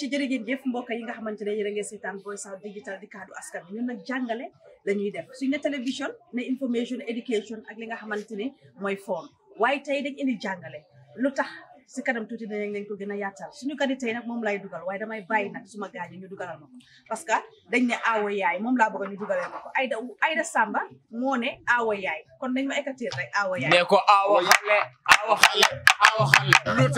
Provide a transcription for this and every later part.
ci jërë ngeen jëf mbokk yi nga xamante ne yéen a ngi seetaan Voice Out Digital di kaddu askan bi ñun nag jàngale la ñuy def télévision ne information education ak li nga xamante ne mooy foon waaye tey dañ indi jàngale lu tax si kanam tuuti dinañ leen ko gën a yaatal suñu gani tey nag moom lay dugal waaye damay bàyyi nag suma gaañi ñu dugalal parce que dañ ne aawo yaay mom laa bëgg ñu dugalee ma ko Aida Aida Samba moo ne aawo yaay kon dañ ma ekkatir rek aawo yaay ne ko aawo xale aawo xale aawo xale lu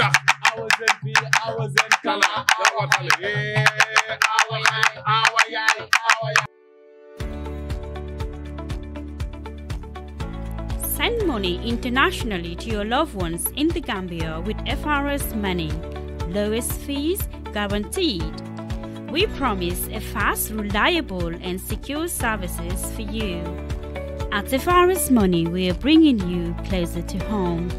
Send money internationally to your loved ones in the Gambia with FRS Money. Lowest fees guaranteed. We promise a fast, reliable, and secure services for you. At FRS Money, we are bringing you closer to home.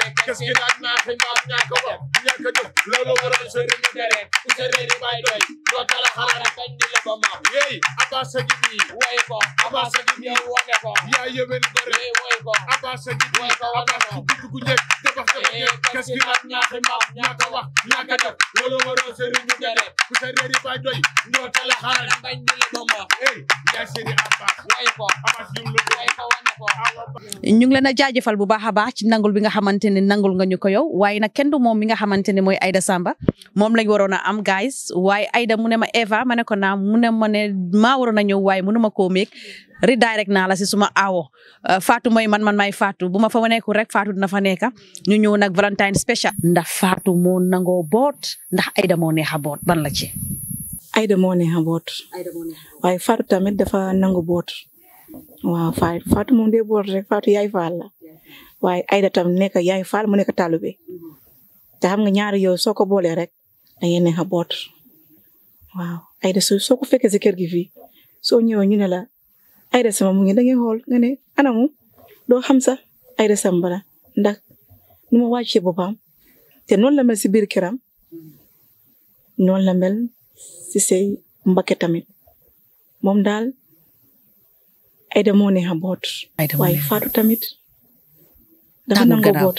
kës gi nag naa xëy na ñàkk a wax ñàkk a jóg loolu waral sëriñ mu tere ku sa réeri bay doy doo dala xalaat kañ di la ba maam yéy abasa gi bi way ko abasa gi bi wane ko yaa yëwéni gore way ko abasa gi bi way ko abasa ku gudd ku njëkk dafax dafa njëkk kës gi nag naa xëy na ñàkk a wax ñàkk a jóg loolu waral sëriñ mu tere ku sa réeri bay doy doo dala xalaat kañ di la ba maam yéy yaa sëriñ abas way ko abas ñu ngi leen a jaajëfal bu baax a baax ci nangul bi nga xamante xamante ne nangul nga ñu ko yow waaye nag kenn du moom mi nga xamante ne mooy Aida Samba moom lañ waroon a am guys waaye Aida mu ne ma Eva ma ne ko naa mu ne ma ne maa waroon a ñëw waaye mënu ma koo meeg redirect naa la si suma awo euh, Fatou mooy man man maay Fatou bu ma fa nekku rek Fatou dina fa nekka ñu ñëw nag Valentine special. ndax Fatou moo nangoo boot ndax Aida moo neex a boot ban la ci. Aida moo neex a boot. waaye Fatou tamit dafa nangu boot. waaw Fatou Fatou yaay waaye Aida tam nekk yaay faal mu nekk taalibe te xam nga ñaari yow soo ko boolee rek da ngeen neex a boot waaw Aida soo soo ko fekkee si kër gi fii soo ñëwee ñu ne la Aida Samba mu ngi da ngeen xool nga ne anamu doo xam sax Aida Samba la ndax nu ma wàccee boppam te noonu la mel si biir këram noonu la mel si say mbakke tamit moom daal Aida moo neex a boot waaye Fatou tamit tàngul gannaaw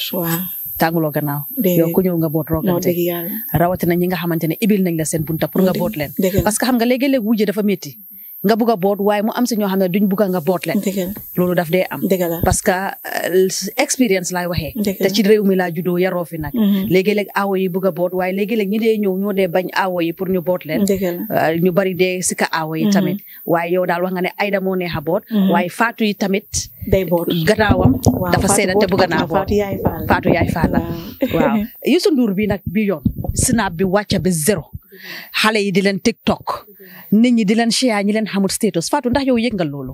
tànguloo gannaaw yow ku ñëw nga boot roogante rawatina ñi nga xamante ne ibil nañ la seen bunta pour nga boot leen parce que xam nga léegi-léeg wujje dafa métti nga bugg a boot waaye mu am si ñoo xam ne duñ bugg a nga boot leen. loolu daf dee am. parce que euh, expérience laay waxee. te ci réew mi laa juddoo yaroo fi nag. Mm-hmm. léegi-léeg aawo yi bugg a boot waaye léegi-léeg ñi dee ñëw ñoo dee bañ aawo yi pour ñu boot leen. Euh, ñu bari dee si ka aawo yi mm-hmm. tamit. waaye yow daal wax nga ne Aida moo neex a boot. Mm-hmm. waaye Fatou yi tamit. day boot gannaawam. dafa seeda te bëgg naa boot Fatou yaay Fall la. waaw Youssou Ndour bi nag bi yoon. snap bi wàcc ba zéro. Mm-hmm. xalé yi di len TikTok mm-hmm. nit ñi di len share ñi len xamul status Fatou ndax yow yëg nga loolu.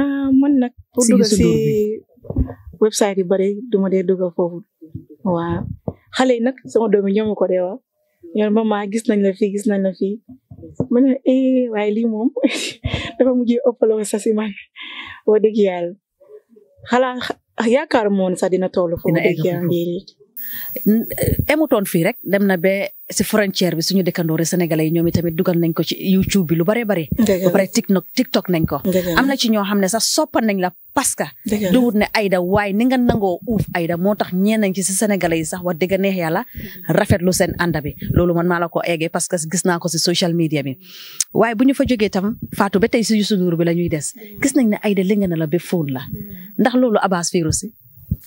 ah man nak pour dugg ci website yi bari duma dee dugg fofu wa xalé yi nag sama doomi ñom ko dee wax ñoom mama gis nañ la fi gis nañ la fi ma é eh li mom dafa mujjé ëppaloo sa ci man wa dëgg yàlla xalaat yaakaar moon sa dina toll fu dëgg yàlla emutoon fii rek dem na ba si frontière bi suñu dëkkandoore sénégalais yi ñoom itamit dugal nañ ko ci YouTube bi lu bare bare ba pare TikTok nañ ko am na ci ñoo xam ne sax soppan nañ la parce que duwut ne Aida waaye ni nga nangoo uuf Aida moo tax ñee nañ ci si sénégalais yi sax wax dëgg neex yàlla rafetlu seen ànda bi loolu man maa la ko eggee parce que gis naa ko si social media bi waaye bu ñu fa jógee tam Fatou ba tey si Youssou Ndour bi la ñuy des gis nañ ne Aida li nga na la ba fóon la ndax loolu Abass si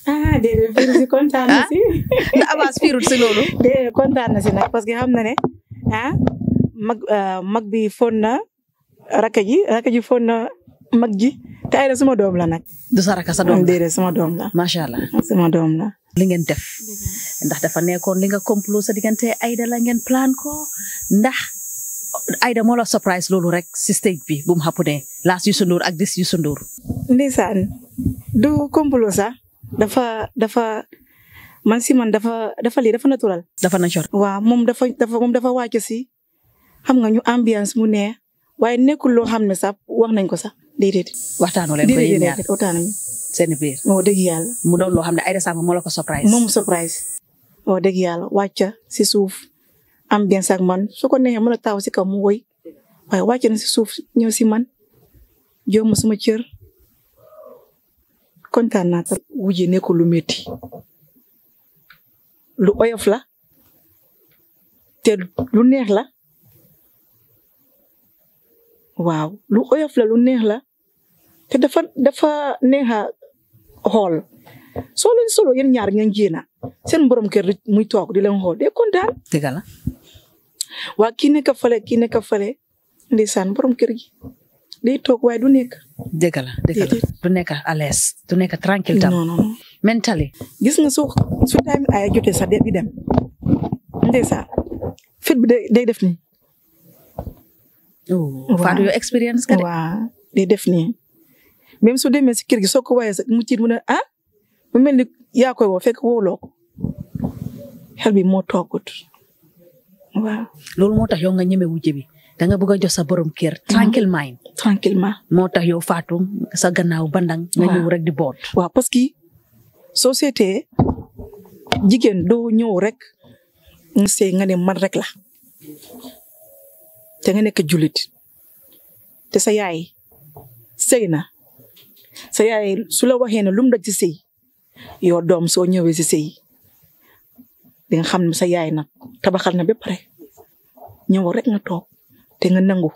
ah déedéet Firouz kontaan ah? na si. ndax Abass ah, Firouz si loolu. déedéet kontaan na si nag parce que xam na ne ah mag ah, mag bi fon na raka ji raka ji fon na mag ji te ay na suma doom la nag. du sa raka sa doom la déedéet suma doom la. macha allah suma doom la. li ngeen def ndax dafa nekkoon li nga complot sa diggante Aida la ngeen plan ko ndax. Aida moo la surprise loolu rek si stage bi bu mu xapu ne laas Youssou Ndour ak dis Youssou Ndour. ndeysaan du complot sax dafa dafa man si man dafa dafa lii dafa naturel. dafa naturel waaw moom dafa dafa moom dafa wàcc si xam nga ñu ambiance mu neex waaye nekkul loo xam ne sax wax nañ ko sax déedéet. waxtaanoo leen ko yéen ñaar déedéet waxtaanu ñu. seen biir moo dëgg yàlla. mu doon loo xam ne Aida Samb moo la ko surprise. moom surprise. moo dëgg yàlla wàcca si suuf ambiance ak man su ko neexee mën a taaw si kaw mu woy waaye wàcc na si suuf ñëw si man jox ma cër. kontaan naa trop wujje nekkul lu métti lu oyof la te lu neex la waaw lu oyof la lu neex la te dafa dafa neex hol so lu solo yeen ñaar ngeen jina seen borom kër muy tok di leen xool de kontaan. wa kine waa ka nekk ki kii ka ndisan borom kër gi. day toog waaye du nekk. dëgg la dëgg la du nekk à l'aise du nekk tranquille tam. non non mentally. gis nga su su time ay jotee sax di bi day def nii. Oh, waaw Fatou expérience ka de. waaw day def nii même su demee si kër gi soo ko waayee sax mu ciit mu ne ah mu mel ni yaa koy woo fekk woo loo ko xel bi moo toogut waaw. loolu moo tax yow nga ñeme wu jëbi da nga bëgg a jox sa borom kër. tranquillement mhm. tranquillement moo tax yow Fatou sa gannaaw bandang nga rek di boot. waaw parce que société jigéen doo ñëw rek. nga sey nga ne man rek la. te nga nekk jullit te sa yaay sëy na sa yaay su la waxee ne lum daj ci sëy yow doom soo ñëwee ci sëy di nga xam sa yaay nag tabaxal na ba pare ñëw rek nga toog te nga nangu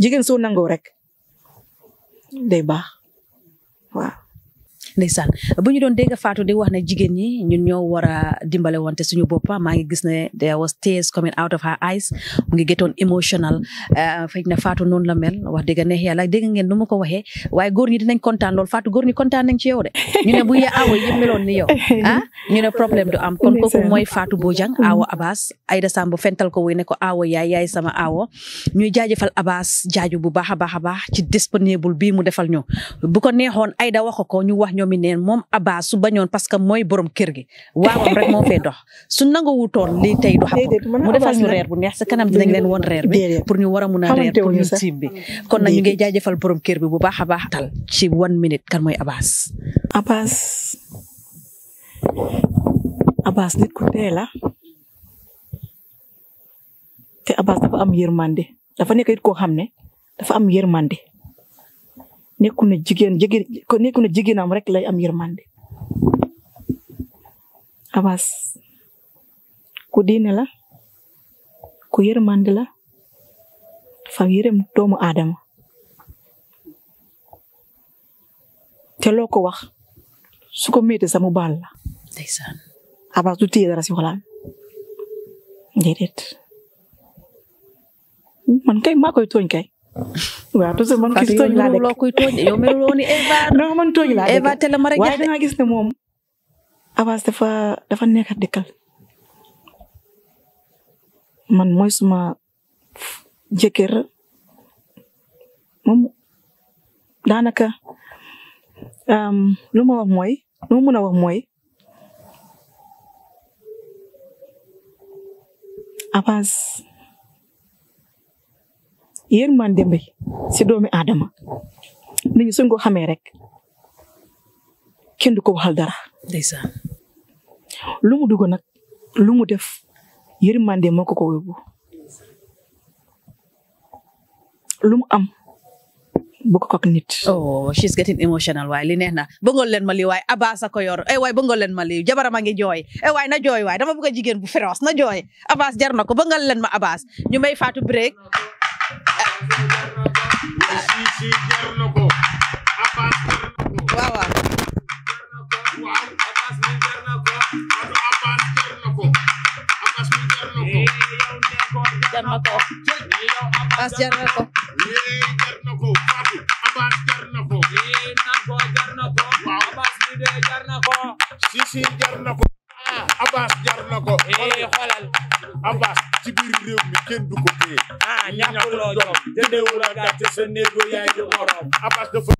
jigéen soo nangoo rek day baax waaw. ndeysaan bu ñu doon dégg Fatou di wax ne jigéen ñi ñun ñoo war a dimbale wante suñu boppa maa ngi gis ne there was tears coming out of her eyes mu ngi getoon emotional eh, fekk na Fatou noonu la mel wax dëgg neex yàlla dégg ngeen nu ma ko waxee waaye góor ñi dinañ kontaan lool Fatou góor ñi kontaan nañ ci yow de ñu ne ah, ñu ne problème du am kon kooku mooy Fatou Bojang awo Abass Aida Samb fental ko wuy ne ko awo yaay yaay sama awo ñuy jaajëfal Abass jaaju bu baax a baax a baax ci disponible bii mu defal ñu bu doomi neen moom aba su bañoon parce que mooy borom kër gi waawam rek moo fay dox su nangu wutoon lii tey du xam mu defal ñu reer bu neex sa kanam dinañ leen won reer bi pour ñu war a mun a reer pour ñu tiim bi kon nag ñu ngi jaajëfal borom kër bi bu baax a baax tal ci one minute kan mooy Abbas Abbas Abbas nit ku tee la te Abbas dafa am yërmande dafa nekk it koo xam ne dafa am yërmande nekuna jigen jigen jigéen nekku na rek lay am yermande abbas ku dine la ku yermande la fa yerem doomu adam te loko ko wax suko mete méete samu la ndaysan abbas du téye dara si xolam man kay makoy togn kay waaw parce que man kii tooñ laa dëkk koy tooñ yow meluloo ni Eva. non man tooñ laa dëkk gis ne moom. dafa dafa nekk dëkkal man mooy suma jëkkër moom daanaka lu ma wax mooy lu ma mën a wax mooy Abass yërmande mbay si doomi aadama nit ñi suñ ko xamee rek kenn du ko waxal dara. ndeysaan lu mu dugg nag lu mu def yërmande moo ko ko yóbbu lu mu am. nit. oh she's getting emotional waay li neex na bëggoon leen ma lii waay Abasa ko yor eh waay bëggoon leen ma lii jabaram a ngi jooy eh waay na jooy waay dama bëgg a jigéen bu na jooy Abas jar na ko bëggoon leen ma Abas ñu may faatu break. Abbas jar na ko lii jar Abbas jar Abbas mi Sisi jar Ah, Abbas jar na ko. Eh, xoolal Abbas ci kenn du ko téye. ah ñàkkuloo jom jëndewul ak gàcce sa yaay di morom. Abbas dafa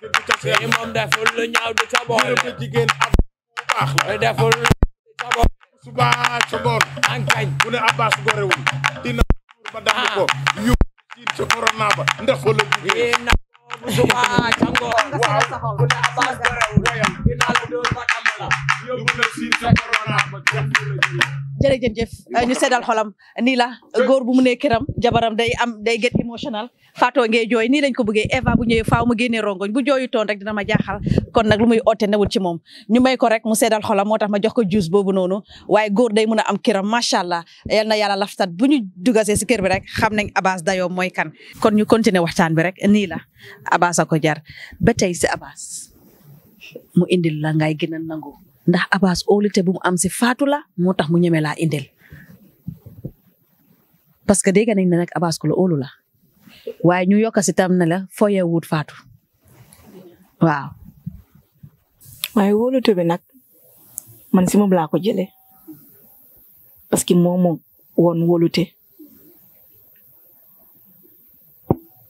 jënd deful lu di ca boole. ñu ne jigéen ab bu baax deful lu ñaaw di eh, ca boole. suba sa gorewul. dina ba dàq ko. yóbbu ci sa corona ba. ndax fa la jugee. suba sa ngoon. waaw mu ne Abbas gorewul. dina jërëjëf ñu seddal xolam nii la góor bu mu nee këram jabaram day am day get emotional faatoo ngee jooy nii lañ ko bëggee Eva bu ñëwee faaw mu génnee rongoñ bu jooyu rek dina ma jaaxal kon nag lu muy oote newul ci moom ñu may ko rek mu seddal xolam moo tax ma jox ko juice boobu noonu waaye góor day mun a am këram macha allah yal na yàlla laftat bu ñu dugasee si kër bi rek xam nañ Abass dayo mooy kan kon ñu continuer waxtaan bi rek nii la Abass a ko jar ba tey si Abass mu indil la ngay gën a nangu ndax Abass óolite bu mu am si faatu la moo tax mu ñeme laa indil parce que dégg nañ ne nag Abass ku la óolu la waaye ñu yokk si tam ne la foyee wut faatu waaw. waaye wóolute bi nag man si ko parce que moom moo woon wóolute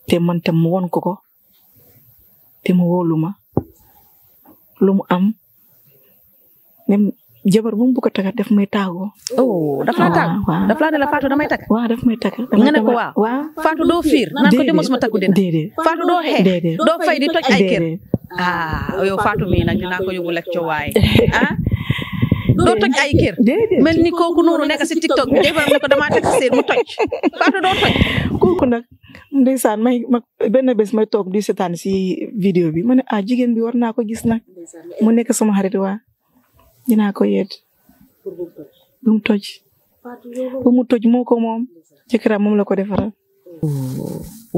te man tam mu woon ko ko lu mu am même jabar bu mu bëgg def takk daf may tàggoo. oh daf laa tàgg ah, daf laa ne la Fatou damay takk. waaw daf may takk. nga ne ko waaw Fatou doo fiir. naan ko demoo suma takku dina déedéet Fatou doo xee déedéet doo fay di toj ah yow Fatou mii nag dinaa ko yóbbu lekk coowaay ah. doo toj ay kër mel ni si tiktok bi jabaram ne ko damaa teg seen mu toj faatu doo toj kooku nag ndeysaan may ma may di setan si video bi ma ne ah jigéen bi war naa ko gis nag mu nekk sama xarit waa ah. dinaa ko yeet bu mu toj bu mu toj moo ko moom la ko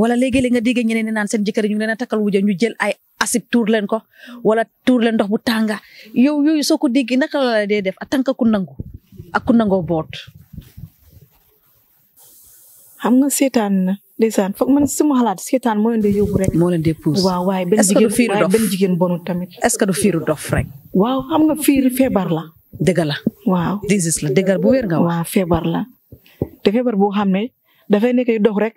wala léegi-léeg nga dégg ñeneen ne seen jëkkër ñu wuja ñu jël ay asib tuur leen ko wala tuur leen ndox bu tànga yow yooyu soo ko déggee naka la def a tànk ku nangu ak ku nangoo boot. xam nga seetaan na ndeysaan foog man sama xalaat seetaan moo leen di yóbbu rek. moo leen di pousse waaw waaye benn jigéen waaye benn jigéen bonu tamit. est-ce que du fiiru dof rek. waaw xam nga fiir feebar la. dëgg la. waaw la dëgg bu wér nga wax. feebar la te xam ne dafay rek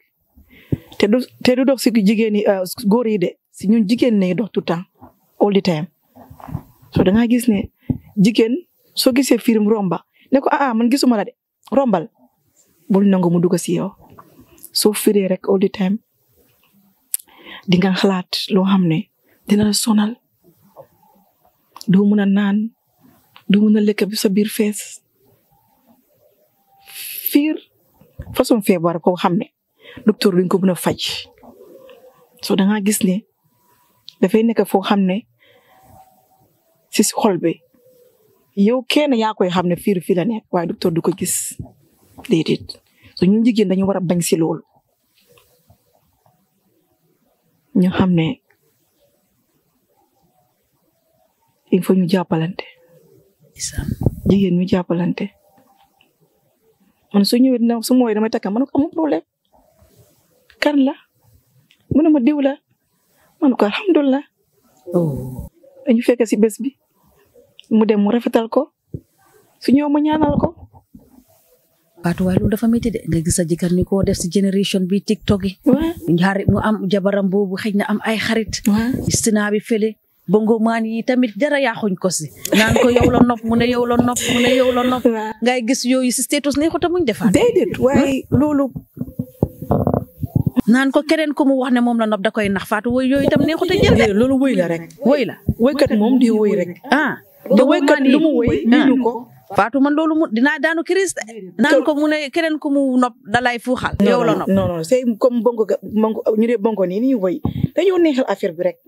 te du te du dox si jigéen yi euh, góor yi de. si ñun jigéen ñi dox tout temps all the time so da ngaa gis ne jigéen soo gisee firim romba ne ko ah ah man gisuma la de rombal bul nangu mu dugg si yow soo firee rek all the time di nga xalaat loo xam ne dina la sonal doo mun a naan doo mun lekk bi sa biir fees fiir façon feebar ko xam ne docteur duñ ko mën a faj gis ne dafay nekk foo xam ne si xol bi yow kenn yaa koy xam ne fiir fii la nekk waaye docteur du ko gis déedéet so ñun jigéen dañu war a bañ si loolu ñu xam ne il faut ñu jàppalante jigéen ñu jàppalante man su ñëwee dina su ma wooyee damay takka man amul problème kan la mu ne ma diw man ko oh dañu fekk ci bés bi mu dem mu rafetal ko su ñëw mu ñaanal ko Fatou walu dafa metti de nga gis sa jikar ni ko def si generation bi tiktok yi. ñaari mu am jabaram bobu xejna na am ay xarit. istina bi fele bongo mani yi tamit dara xuñ ko ci nan ko yow la nop mu ne yow la nop mu ne yow la nop ngay gis yoyu ci status ne ko tamuñ defal dedet way lolu naan ko keneen ko mu wax ne moom la nopp da koy nax faatu woy yooyu itam neexut a jël de loolu woy la rek woy la woykat moom di woy rek ah te woykat lu mu woy ah. ko faatu man loolu mu dinaa daanu kirist naan ko mu ne keneen ku mu nopp dalay fuuxal yow la nopp non non c'est comme bongo bongo ñu dee bongo nii nii woy dañoo neexal affaire bi rek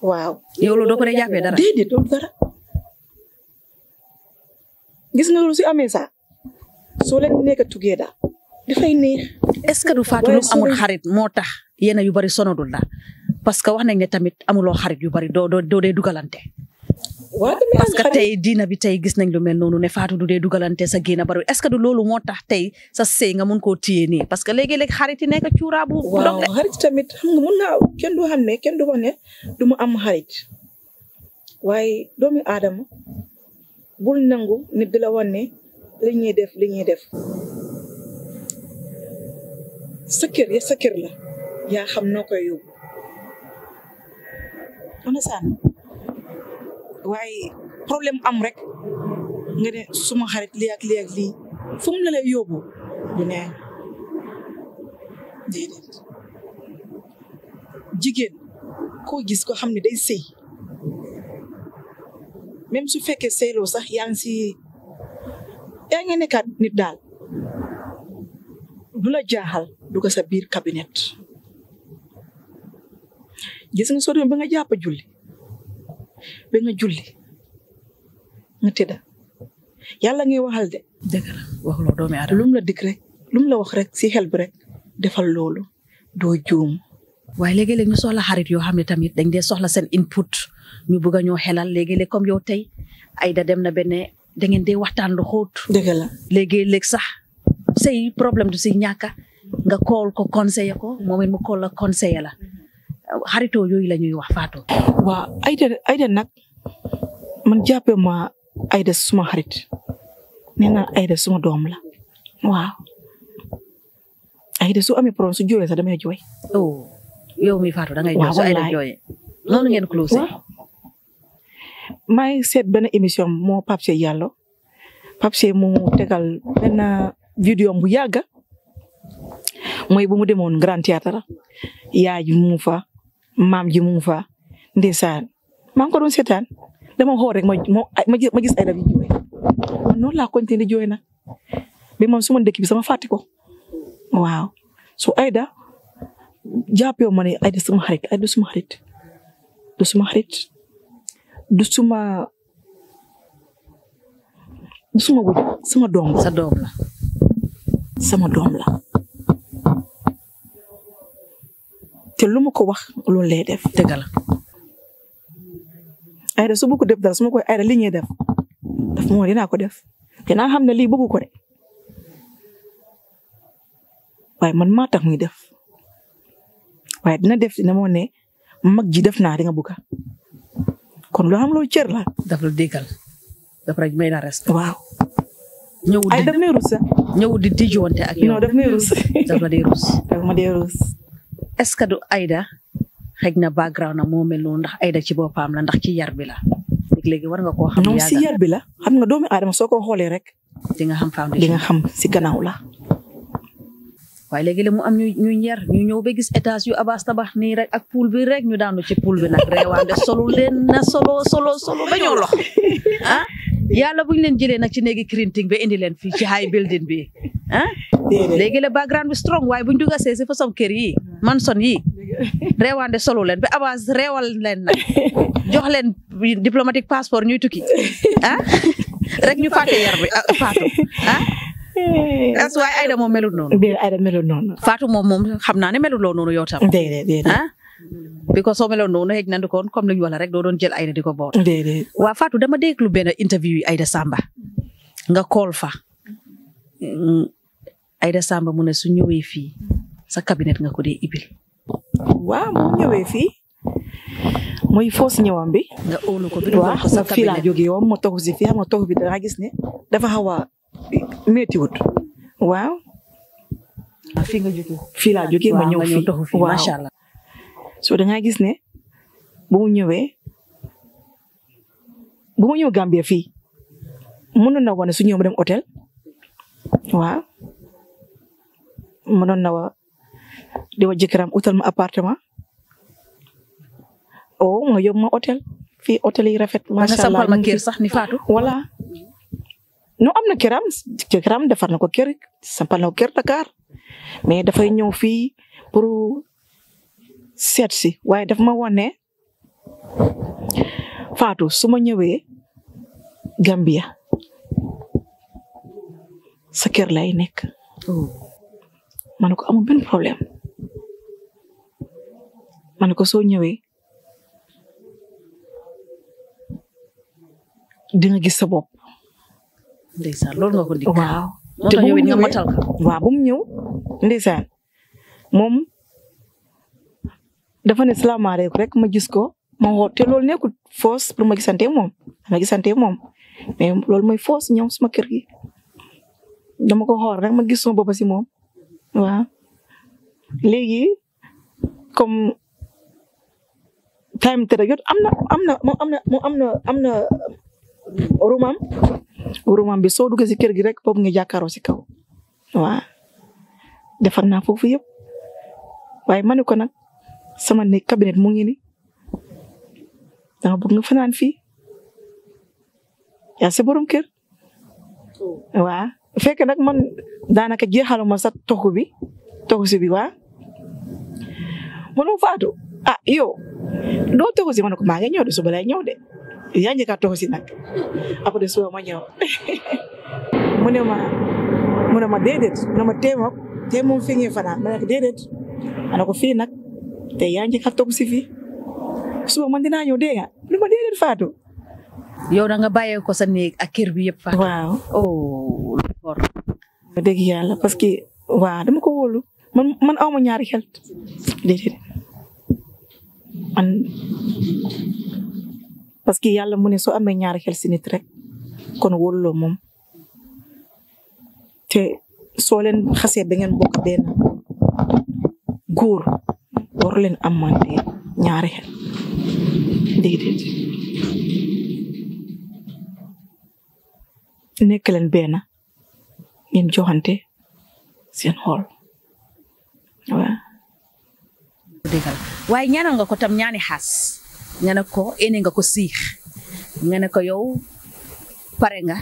waaw yow loolu doo ko dee jàppee dara déedéet loolu dara si amee sax soo leen nekk tugee daal difay ni est-ce que du Fatou lu amul xarit motax yena iya, yu bari sonodul la parce que wax nañ ne tamit lo xarit yu bari do do doo dugalante. parce que tay dina bi tay gis nañ lu mel nonou ne Fatou du de dugalante sa génn bari est-ce que du loolu motax tay sa sëy nga mun ko tiyé ni parce que légui lég xarit nek nekk bu. waaw xarit tamit xam nga mun na kenn du xamné du woné mu am xarit waye domi adam bul nangu nit dila woné wan def li def. sa kër ya sa la yaa xam noo koy yóbbu ana saan waaye problème am rek nga ne suma xarit lii ak lii ak lii fu mu la lay yóbbu du neen déedéet jigéen koo gis ko xam ne day sëy même su fekkee sëyloo sax yaa ngi si yaa ngi nekkaat nit daal du la jaaxal dugg sa biir cabinet gis nga soo demee ba nga jàpp julli ba nga julli nga tëdda yàlla ngay waxal de. dëgg la waxuloo doomi aadama lu mu la rek lu mu wax rek si xel bi rek defal loolu doo juum. waaye léegi-léeg ñu soxla xarit yoo xam ne tamit dañ dee soxla seen input ñu bëgg a ñoo xelal léegi-léeg comme yow tey Aida dem na benn da ngeen waxtaan lu xóot. dëgg la léegi-léeg sax say problème du si ñàkk nga kool ko conseiller ko moom it mu kool la conseiller la xaritoo yooyu la ñuy wax Fatou. waaw Aida Aida nag man jàppee ma Aida suma xarit nee naa Aida suma doom la waaw Aida su amee problème su jooyee sax damay jooy. oh yow mi Fatou da ngay jooy su Aida jooyee loolu ngeen close. maa ngi seet benn émission moo Pape Yallo Pape Cheikh mu tegal benn vidéo bu yàgg mooy bu ma demoon Grand Théâtre yaay ji mu fa maam ji mu fa ndeysaan maa ngi ko doon seetaan dama xool rek ma ma gis ay rab yi jooy man noonu laa continué jooy nag bi moom suma dëkk bi sama fàtti ko waaw su Aida jàppee ma ne Aida suma xarit Aida suma xarit du suma xarit du suma doom la. sama doom la. te lu ma ko wax loolu lay def. dëgg la. Aida su bëgg ko def dara su ma koy Aida li ñuy def daf moo dinaa ko def te naa xam ne lii bëggu ko de waaye man maa tax muy def waaye dina def dina moo ne mag ji def naa di nga bëgg kon loo xam loolu cër la. daf la déggal may na respect. waaw. ñëwul di ay daf may rus sax. di tijjiwante ak est-ce que du Aida xëj na background na moo mel noonu ndax Aida ci boppam la ndax ci yar bi la léegi war nga koo xam. non si yar bi la xam nga doomi aadama soo ko xoolee rek. di nga xam foundation di nga xam si gannaaw la. waaye léegi la mu am ñu ñu yar ñu ñëw ba gis étage yu Abass tabax nii rek ak pool bi rek ñu daanu ci pool bi nag reewaande solo leen solo solo solo ba ñoo lox yàlla bu ñu leen jëlee nag ci néegi crinting ba indi leen fii ci high building bi ah léegi la background bi strong waaye bu ñu dugga see si façon kër yi manson yi reewaande solo leen ba avance reewal leen nag jox leen diplomatique passeport ñuy tukki ah rek ñu fàtte yar bi faatu ah as ah? eh. waaye Aida moom melul noonu Aida melul Fatou moom moom xam naa ne meluloo noonu yow tam ah because soo meloon noonu xëy na du koon comme li ñu wala rek doo doon jël Aida di ko boot. déedéet waa Fatou dama déglu benn interview yi Aida Samba nga call fa. Mm, Aida Samba mu ne su ñëwee fii sa cabinet nga ko dee ibil. waaw mu ñëwee fii mooy foos ñëwam bi. nga óolu ko bi waaw sa fii laa jógee woon ma toog si fii ma toog bi dara gis ne dafa xaw a méttiwut waaw. Ah, fii nga jógee fii laa jógee ma ñëw fii so da nga gis ne bu mu ñëwé eh? bu mu ñëw Gambia fi mënon na wane su ñëw mu dem hôtel wa mënon na wa di wa hôtel ma appartement oh nga yom ma hôtel fi hôtel yi rafet sha allah ma kër sax ni faatu wala no amna kiram kiram defar nako ko kër sampal na ko kër Dakar mais dafay ñëw fi pour seet si waaye daf ma woon ne Fatou su ma ñëwee Gambia sa kër lay nekk. Oh. ma ne ko amul benn problème ma ne ko soo ñëwee di nga gis sa bopp. ndeysaan loolu nga ko dikk. waaw te bu mu ñëwee waaw dafa ne salaamaaleykum rek ma gis ko ma woo te loolu nekkul foos pour ma gisante moom dama gisante moom mais loolu mooy foos ñëw suma kër gi dama ko xool rek ma gis sama bopp si moom waaw léegi comme time tëra jot am na am na moom am na am na am na bi soo duggee si kër gi rek boobu nga jàkkaaroo si kaw waaw defar naa foofu yëpp waaye ma ne ko nag sama nekk cabinet mu ngi ni dama bëgg nga fanaan fii yaa sa borom kër oh. waa fekk nag man daanaka jeexaluma sa toxu bi toxu si bi waa mënoo faatu ah yow doo toxu si ma ne ko maa ngi ñëw de suba lay yaa njëkk a toxu si nag après suba ma ñëw mu ne ma mu ne ma déedéet mu ne ma téemook téemoom fi ngeen te yaa njëkk a toog si fi suba man dinaa ñëw dee nga lu de dee leen faatu. yow ya, da nga bàyyee ko sa néeg ak kër bi yëpp faatu. waaw oh lu fort. dëgg yàlla parce que waaw dama ko wolu. man man aw ma ñaari xel De man parce que yalla mu ne so amé ñaari xel sinit rek kon wolu mom. te so len xasse be ngeen bokk ben. góor waru leen am mante ñaari xel déedéet nekk leen benn ngeen joxante seen xol waaw waaye ñaanal nga ko tam ñaani xaas nga ne ko ene nga ko siix nga ne ko yow pare nga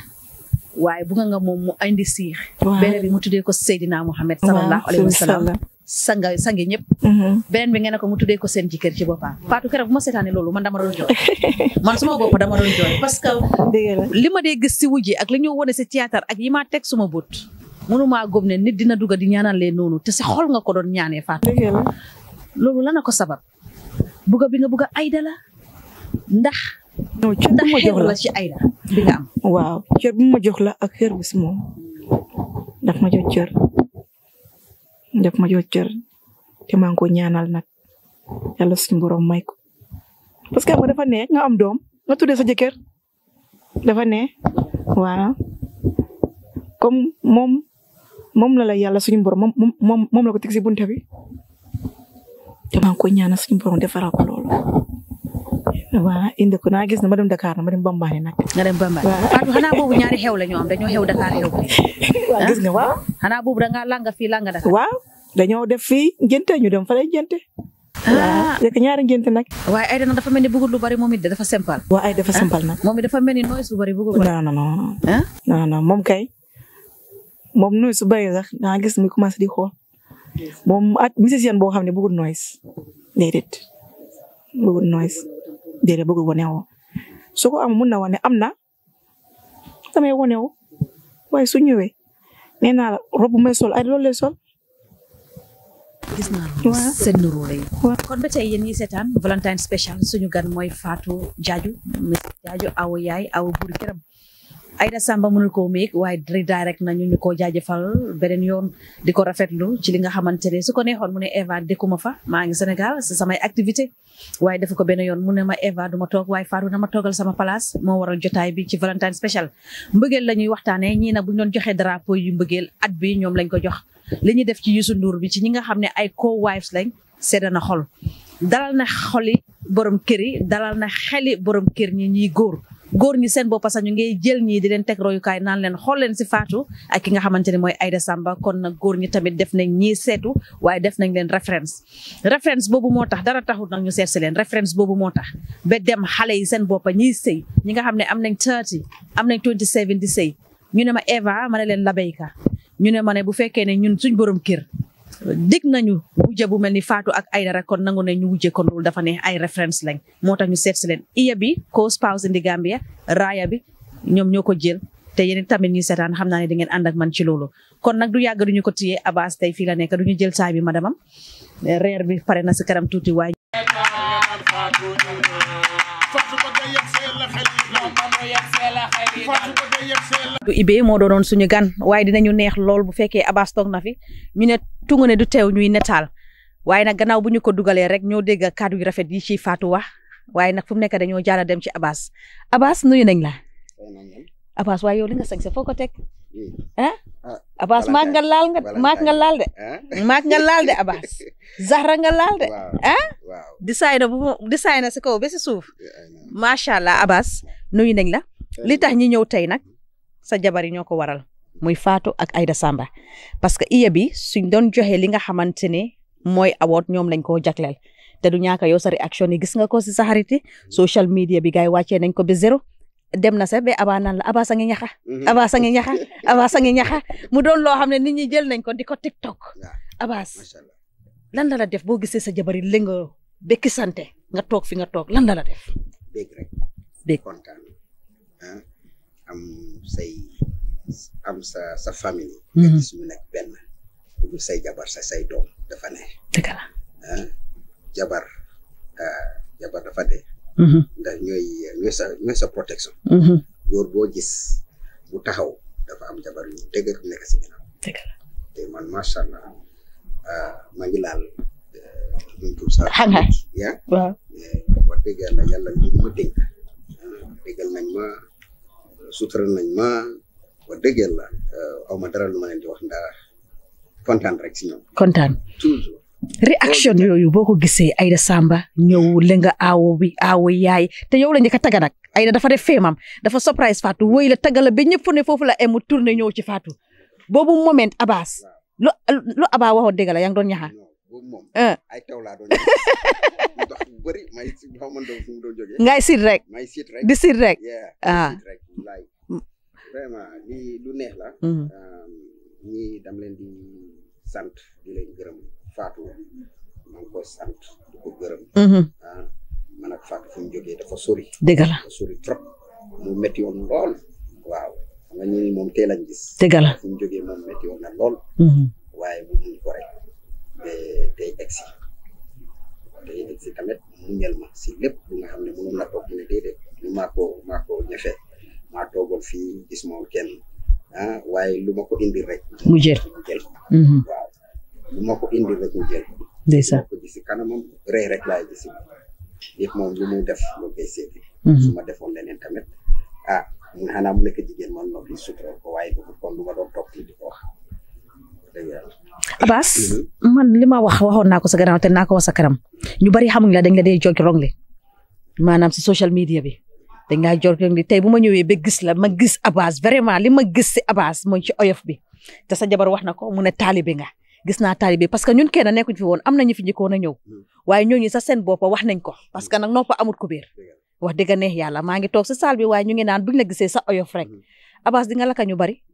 waaye bu nga nga moom mu indi siix benn bi mu tuddee ko Seydina Muhammad sallallahu alayhi wa sallam sanga sangi ñep mm-hmm. benen bi ngeen ko mu tuddee ko seen jëkkër ci boppam patu keroog bu ma sétane lolu man dama doon joy man suma bop dama doon joy parce que li ma dee gis si wujji ak lañu wone ci théâtre ak yima tek suma bët mënumaa góob nit dina dugga di ñaanal lé nonu té ci xol nga ko doon ñaané faatu loolu la ko sabab buga bi nga buga ayda la ndax ndax jox la ci ayda bi nga am waaw ci bu ma jox la ak xër bu si daf ma jox def ma jox cër te maa ngi ko ñaanal nag yàlla suñu borom may ko parce que dafa ne nga am doom nga tuddee sa jëkkër dafa ne waaw comme moom moom la la yàlla suñu borom mom moom moom la ko teg si bunte bi te maa ngi ko ñaanal suñu borom waaw indi ko naa gis na ma dem Dakar na ma dem Bambane nag. nga dem Bambane Fatou xanaa boobu ñaari xew la ñu am dañoo xew Dakar xew. waaw gis nga waaw. xanaa boobu da ngaa langa fii langa Dakar. waaw dañoo def fii ngénte ñu dem fa lay ngénte. ah léegi ñaari ngénte nag. waaye Aida nag dafa mel ni bëggul lu bari moom it dafa simple. waaw Aida dafa ah. simple nag. moom it dafa mel ni noise lu bari bëggul. non non non. Ah? non non moom kay moom noise su bari sax nga gis muy commencé di xool moom at musicien boo xam ne bëggul noise déedéet bëggul noise. déedéet bëgg wane woo su ko am mun na wane am na damay wane woo waaye su ñëwee nee naa la rob sol ay loolu lay sol. gis naa seen nuróore kon ba tey yéen ñi seetaan Valentine spécial suñu gan mooy Fatou Jaaju Jaaju aw yaay aw buri këram Aïda Samba mënul koo méeg waaye redirect na ñu ñu ko jaajëfal beneen yoon di ko rafetlu ci li nga xamante ne su ko neexoon mu ne Eva dëkkuma fa maa ngi Sénégal si samay activité waaye dafa ko benn yoon mu ne ma Eva du ma toog waaye Fatou na ma toogal sama place moo waral jotaay bi ci Valentine spécial mbëggeel la ñuy waxtaanee ñii nag bu ñu doon joxee drapeau yu mbëggeel at bi ñoom lañ ko jox li ñuy def ci Youssou Ndour bi ci ñi nga xam ne ay co-wives lañ sedda na xol dalal na xoli borom kër yi dalal na xeli borom kër ñi ñiy góor góor ñi seen bopp sax ñu ngay jël ñii di leen teg royukaay naan leen xool leen si Fatou ak ki nga xamante ne mooy Aida Samba kon nag góor ñi tamit def nañ ñii seetu waaye def nañ leen référence référence boobu moo tax dara taxul nag ñu seet si leen référence boobu moo tax ba dem xale yi seen bopp ñiy sëy ñi nga xam ne am nañ 30 am nañ 27 di sëy ñu ne ma Eva ma ne leen labayka ñu ne ma ne bu fekkee ne ñun suñ borom kër dégg nañu wujje bu mel ni Fatou ak Aïdara kon nangu ne ñu wujje kon loolu dafa ne ay référence lañ moo tax ñu seet si leen iya bi co-spouse in the Gambia raaya bi ñoom ñoo ko jël te yeneen tamit ñi setaan xam naa ne dangeen ànd ak man ci loolu kon nag du yàgg duñu ko téye Abass tey fii la nekk duñu jël saay bi madamam reer bi pare na si kanam tuuti waay du Ibé moo doonoon suñu gan waaye dinañu neex lool bu fekkee Abass toog na fi ñu ne tungu ne du teew ñuy netaal waaye nag gannaaw bu ñu ko dugalee rek ñoo dégg kàddu yu rafet yi ci faatu wax waaye nag fu mu nekk dañoo jaana dem ci Abass Abass nuyu nañ la. Abass waaye yow li sañ sa foo ko teg ah Abass maak nga laal nga maak nga laal de maak nga laal de Abass Zahra nga laal de ah design na bu na si kaw ba si suuf macha allah Abass nuyu nañ la. li tax ñi ñëw tey nag sa jabar yi ñoo ko waral muy Fatou ak Aida Samba parce que IYE bi suñ doon joxe li nga xamante ne mooy award ñoom lañ ko jagleel te du ñaaka yow sa réaction yi gis nga ko si sa mm-hmm. social media bi gars yi wàccee nañ ko bi zéro dem na sax ba abaa naan la abaa sa ngi ñaxa mm-hmm. abaa sa ngi ñaxa abaa sa ngi ñaxa mu doon loo xam ne nit ñi jël nañ ko di ko tiktok abaas lan lala def boo gisee sa jabar yi lëngoo bekki sante nga toog fi nga toog lan la la def. bég am say am sa sa famille. Mhm. nga gis ñu nekk benn. bu say jabar sa say doom dafa ne. dëgg la ah, jabar ah, jabar dafa de. Mhm. ndax ñooy ñooy sa ñooy sa protection. Mhm. góor boo gis bu taxaw dafa am jabar yu dëgg ak nekk si ginnaaw. te man macha allah ah, maa ngi laal. ñu eh, tur waaw. Eh, wax dëgg yàlla yàlla ñu ma dénk déggal nañ ma. sutural nañ ma wax dëgg yàlla euh, aw ma dara lu ma di wax ndax kontaan rek si ñoom. kontaan toujours. réaction yooyu boo ko gisee Aida Samba ñëw lënga aawo bi aawo yaay te yow la njëkk a tagga nag Aida dafa def feemam dafa surprise Fatou woy la tagga la ba ñëpp ne foofu la emu tourné ñëw ci Fatou boobu moment Abass lu lu Aba waxoon dëgg la yaa ngi doon ñaxa boobu moom. Euh. ay taw laa doon ndox bu bëri may si xaw ma doon fu mu ngay sit rek. di sit rek. ah vraiment lu neex la. Mm-hmm. Um, ñii dam leen di sant di leen gërëm Fatou maa ngi koy sant du ko gërëm. Mm-hmm. Ah, man ak Fatou fu mu jógee dafa sori. dëgg la dafa trop mu métti woon lool waaw. xam nga ñi moom teel lañ fu mu jógee moom na lool. Mm-hmm. waaye mu muñ ko rek. te tey egg si tey egg ma si lépp lu nga xam ne mënul na toog mu ne déedéet ñu maa ko maa ko ñefe maa toogoon fii gis moom kenn ah, waaye lu ma ko indi rek. mu jël mhm. lu ma ko indi rek mu jël. ndeysaan ko gis kanamam rey rek laay gis moom lu mu def loolu koy seeti. Mhm. ma defoon leneen tamit ah mun xanaa mu nekk jigéen man noppi sutura ko waaye du ko kon lu ma doon topp di ko Abbas mm-hmm. man li ma wax waxoon naa ko sa gannaaw naa ko wax sa kanam ñu bari xamuñ la dañ la dee jog rong li maanaam si social media bi dañ laa jog rong li tey bu ma ñëwee ba gis la ma gis Abbas vraiment li ma gis si Abbas mooy ci oyof bi te sa jabar wax na ko mu ne taalibe nga gis naa taalibe parce que ñun kenn nekkuñ fi woon am nañu fi njëkkoon a ñëw mm-hmm. waaye ñooñu sa seen bopp wax nañ ko parce que nag nopp amut ko biir wax dëgg neex yàlla maa ngi toog si saal bi waaye ñu ngi naan buñ la sa oyof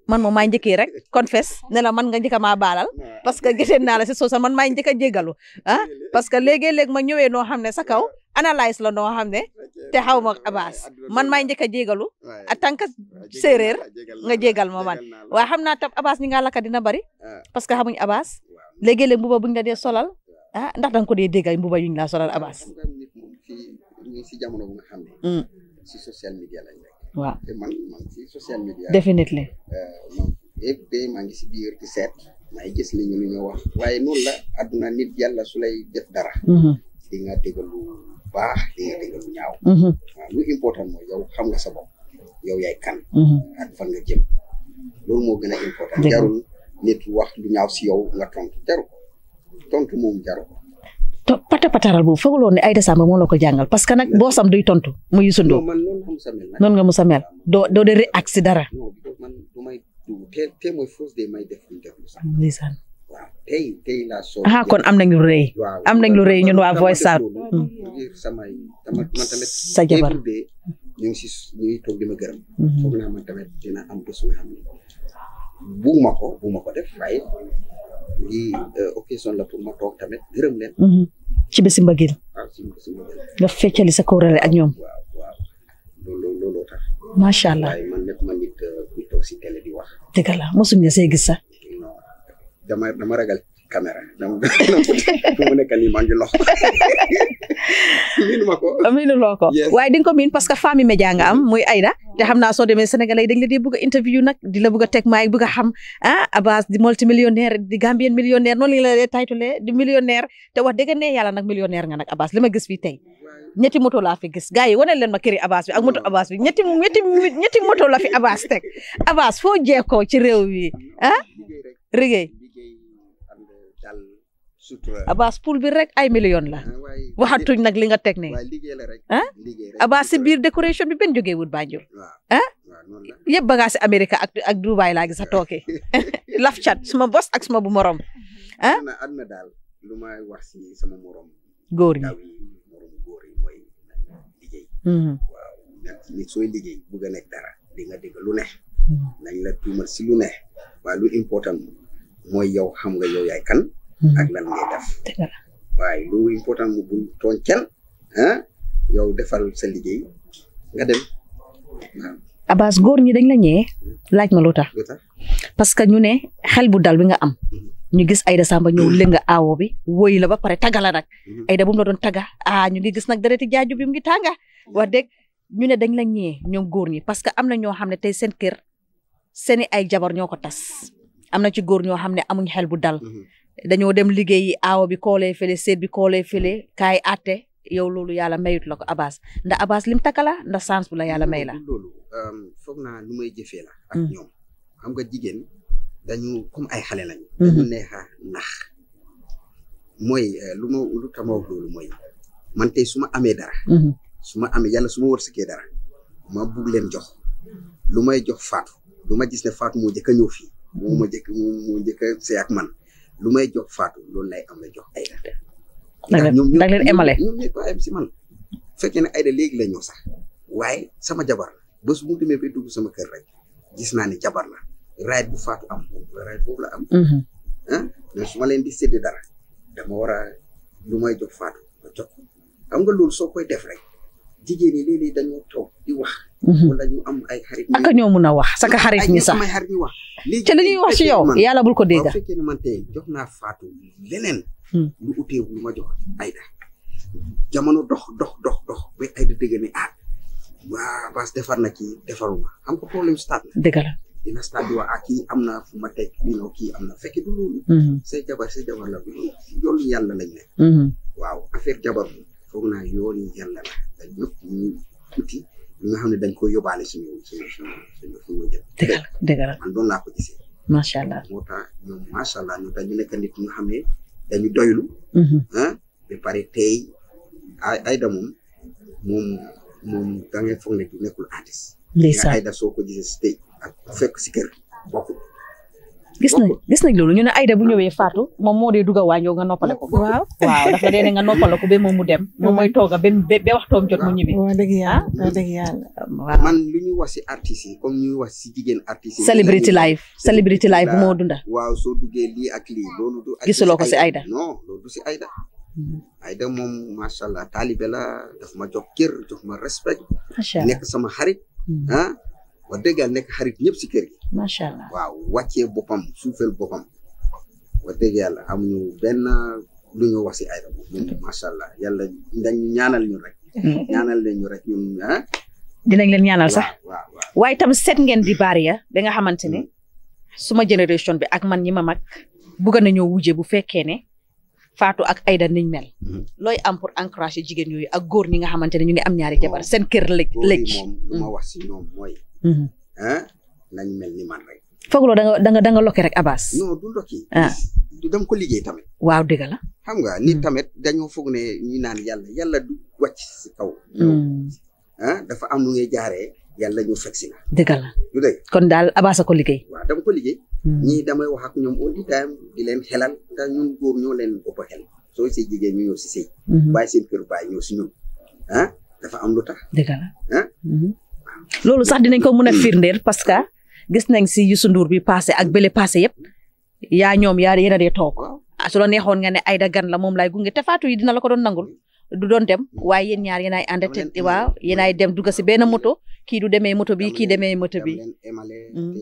man mo may njëkkee rek confess ne la man nga njëkk maa balal parce que giseen na la si sosa man may njëkk jégalu ah parce que léegi-léeg ma ñëwé no xamné sa kaw analyse la no xamné té xawma man may njëkk a jégalu en tant que séeréer nga jégal mo man wa xamna tab abass ñi nga lakka dina bari ah. parce que xamuñ abass léegi-léeg mbuba buñ la dé solal ah ndax dang ko dé déggal mbuba yuñ la solal abaas ci jamono bu nga xamné ci mm. social media lañ waaw man man ci social media. definitely. man every day maa ngi si biir di seet. may gis li ñu lu ñu wax waaye noonu la àdduna nit yàlla su lay def dara. Mm-hmm. di nga dégg lu baax di nga dégg ñaaw. Mm-hmm. waaw lu important mooy yow xam nga sa bopp yow kan. Mm-hmm. ak fan nga jëm loolu moo gën a important. jarul nit wax lu ñaaw si yow nga tontu jaru ko tontu moom jaru pata pataral boobu foogaloon ne Aïda Samba moo la ko jàngal parce que nag boo sam duy tontu mu Youssou Ndour noonu nga musa mel doo doo de réact si dara. ah kon am nañ lu rëy am nañ lu rëy ñun waa Voice Out. Mm. sa jabar. ñu ngi lii euh, occasion la pour ma toog tamit gërëm leen. Mhm. ci bési mbëggeel. waaw ah, ci sa kóorale ak ñoom. waaw allah waaye man nekk man nit euh, ku di wax. dëgg la mosuñu la dama dama ragal. caméra donc fu ma ko miinu loo ko waaye di miin parce que femme média nga am muy Aida te xam naa soo demee Sénégalais yi dañ la dee bëgg a interview nag di la bëgg a teg maay bëgg a xam ah Abas di multimillionnaire di Gambien millionnaire noonu lañ la dee taytule di millionnaire te wax dëgg ne yàlla nag millionnaire nga nag Abas li ma gis fii tey ñetti moto laa fi gis gars yi wane leen ma këri Abas bi ak moto Abas bi ñetti moto la fi Abas teg Abas foo jeekoo ci réew bi Abass pool bi rek ay million la ah, waxatuñ nag li nga teg ne ah Abass si biir décoration bi benn jógee wut Banjul ah yëpp bagaasi Amérique ak ak Dubaay laa sa tooke laf cat suma bos ak suma bu morom mm-hmm. ah lu may wax si sama morom góor ñi mooy mm-hmm. nag sooy liggéey bëgg a nekk mm-hmm. la tuumal si lu ne waaye lu important mooy yow xam nga yow yaay kan Mm-hmm. ak lan ngay Abass góor ñi dañ la ñëwee hmm? laaj ma lu tax parce que ñu ne xel bu dal bi nga am hmm. ñu gis Aida Samba ñëw hmm. lënga aawo bi woy la ba pare tagga la nag Aida bu mu doon tagga ah ñu ngi gis nag dereti jaaju bi mu ngi tànga wax dëgg ñu ne dañ la ñëwee ñoom góor ñi parce que am na ñoo xam ne tey seen kër seni ay jabar ñoo ko tas am na ci góor ñoo xam ne amuñ xel bu dal dañoo dem liggéeyi aawa bi koole fële seet bi koole fële kaay àtte yow loolu yàlla mayut la ko Abass ndax Abass lim takala ndax sans bu la yàlla may la. loolu um, foog naa lu may jëfee la. ak mm. ñoom xam nga jigéen dañu comme ay xale lañu. Mm-hmm. dañu neex nax mooy euh, lu ma tama loolu mooy man tey su ma amee dara. Mm-hmm. su ma amee yàlla suma ma wërsëgee dara ma bugg leen jox lu may jox Fatou lu ma gis ne moo njëkk a ñëw fii. moo ma njëkk moo njëkk see ak man. lu may jox Fatou loolu lay am la jox Aïda. ndax ñoom da leen emale ñoom ñoom ñoom si man. fekkee ne Aïda léegi la ñëw sax waaye sama jabar la bés bu mu demee ba dugg sama kër rek gis naa ne jabar la raay bu Fatou am raay boobu la am. ah mais su ma leen di sédd dara dama war a lu may jox Fatou ma jox xam nga loolu soo koy def rek jigéen ñi léeg-léeg dañoo toog di wax. Mhm. wala ñu am ay xarit. ak ñoo mun a wax saka xarit ñi sax xarit ñi wax. te wax ci yow yàlla bul ko dégg. waaw fekkee ne man jox naa Fatou leneen. Hmm. lu utee ma jox dox dox dox dox ba Aida dégg ne ah. waa defar na kii defaruma xam nga problème stade la. dëgg la waa ah am na fu ma tek bii noo kii am na fekk du loolu. Hmm. say jabar say jabar la loolu yàlla lañ ne. Hmm. waaw affaire jabar foog naa yoon yàlla la ñëpp ñu uti. li nga xam ne dañ ko yóbbaale suñu suñu suñu suñu suñu jël. dëgg la dëgg la man doon laa ko gisee. macha allah moo tax ñoom macha allah ñoo tax ñu nekk nit ñi nga xam ne dañu doylu. Mm-hmm. ah ba pare tey ay ayda moom moom moom da ngay foog ne nekkul artiste. ndeysaan ayda soo ko gisee si tey ak fekk si kër bokkul. gis nañ gis nañ loolu ñu ne Aida bu ñëwee Fatou moom moo dee dugga waañ yow nga noppale ko. waaw waaw dafa dee ne nga noppale ko ba moom mu dem. moom mooy tooga ba ba waxtoom jot mu ñibbi. waaw dëgg yàlla ah? man lu ñuy wax si artistes yi comme ñuy wax si jigéen artistes yi. celebrity life celebrity life moo dunda. waaw soo duggee lii loolu du. gisuloo ko si Aida non loolu si Aida. Hmm. Aida moom macha allah taalibe la daf ma jox kër ma respect. nekk sama xarit. Hmm. Ah? wax dëgg yàlla nekk xarit ñëpp si kër macha allah waaw wàccee boppam suufel boppam wax dëgg yàlla amuñu benn lu ñu wax si Aida allah yàlla dañu ñaanal ñu rek. ñaanal leen ñu rek ñun ah. dinañ leen ñaanal sax. waaw waaw waaye itam seet ngeen di bariya ah, ba nga xamante ne hmm. suma génération bi ak man ñi ma mag bëgg nañoo wujje bu fekkee ne. faatu ak da niñ mel hmm. loy am pour encourager jigen yoy ak góor ñi nga xamantene ñu ngi am ñaari jabar sen kër lëj lëj ma wax si ñom moy ah hmm. nañ mel ni man rek lo da nga da nga da nga loké rek Abass non du loké ah du dem ko liggéey tamit waaw dëgg la xam nga nit hmm. tamit dañu foog ne ñi naan yalla yalla du wacc ci kaw ah dafa am lu ngay jaaré yalla ñu fexina si la du dëgg kon dal Abass ko liggéey waaw dama ko liggéey Hmm. ñii damay wax ak ñoom all the time di leen xelal te ñun góor leen ëpp soo si jigéen ñu si hmm. si ah ah. hmm. loolu sax dinañ ko mun a firndeel parce que gis nañ si Youssou Ndour bi passé ak bële passé yëpp yaa ñoom yaa yéen a dee toog ah, su la neexoon nga ne Aida Gan la moom laay gunge te Fatou yi dina la ko doon nangul du doon dem waaye yéen ñaar yéen ay ànd te waaw ay dem dugg si benn moto kii du demee moto bi kii demee moto bi. Mm.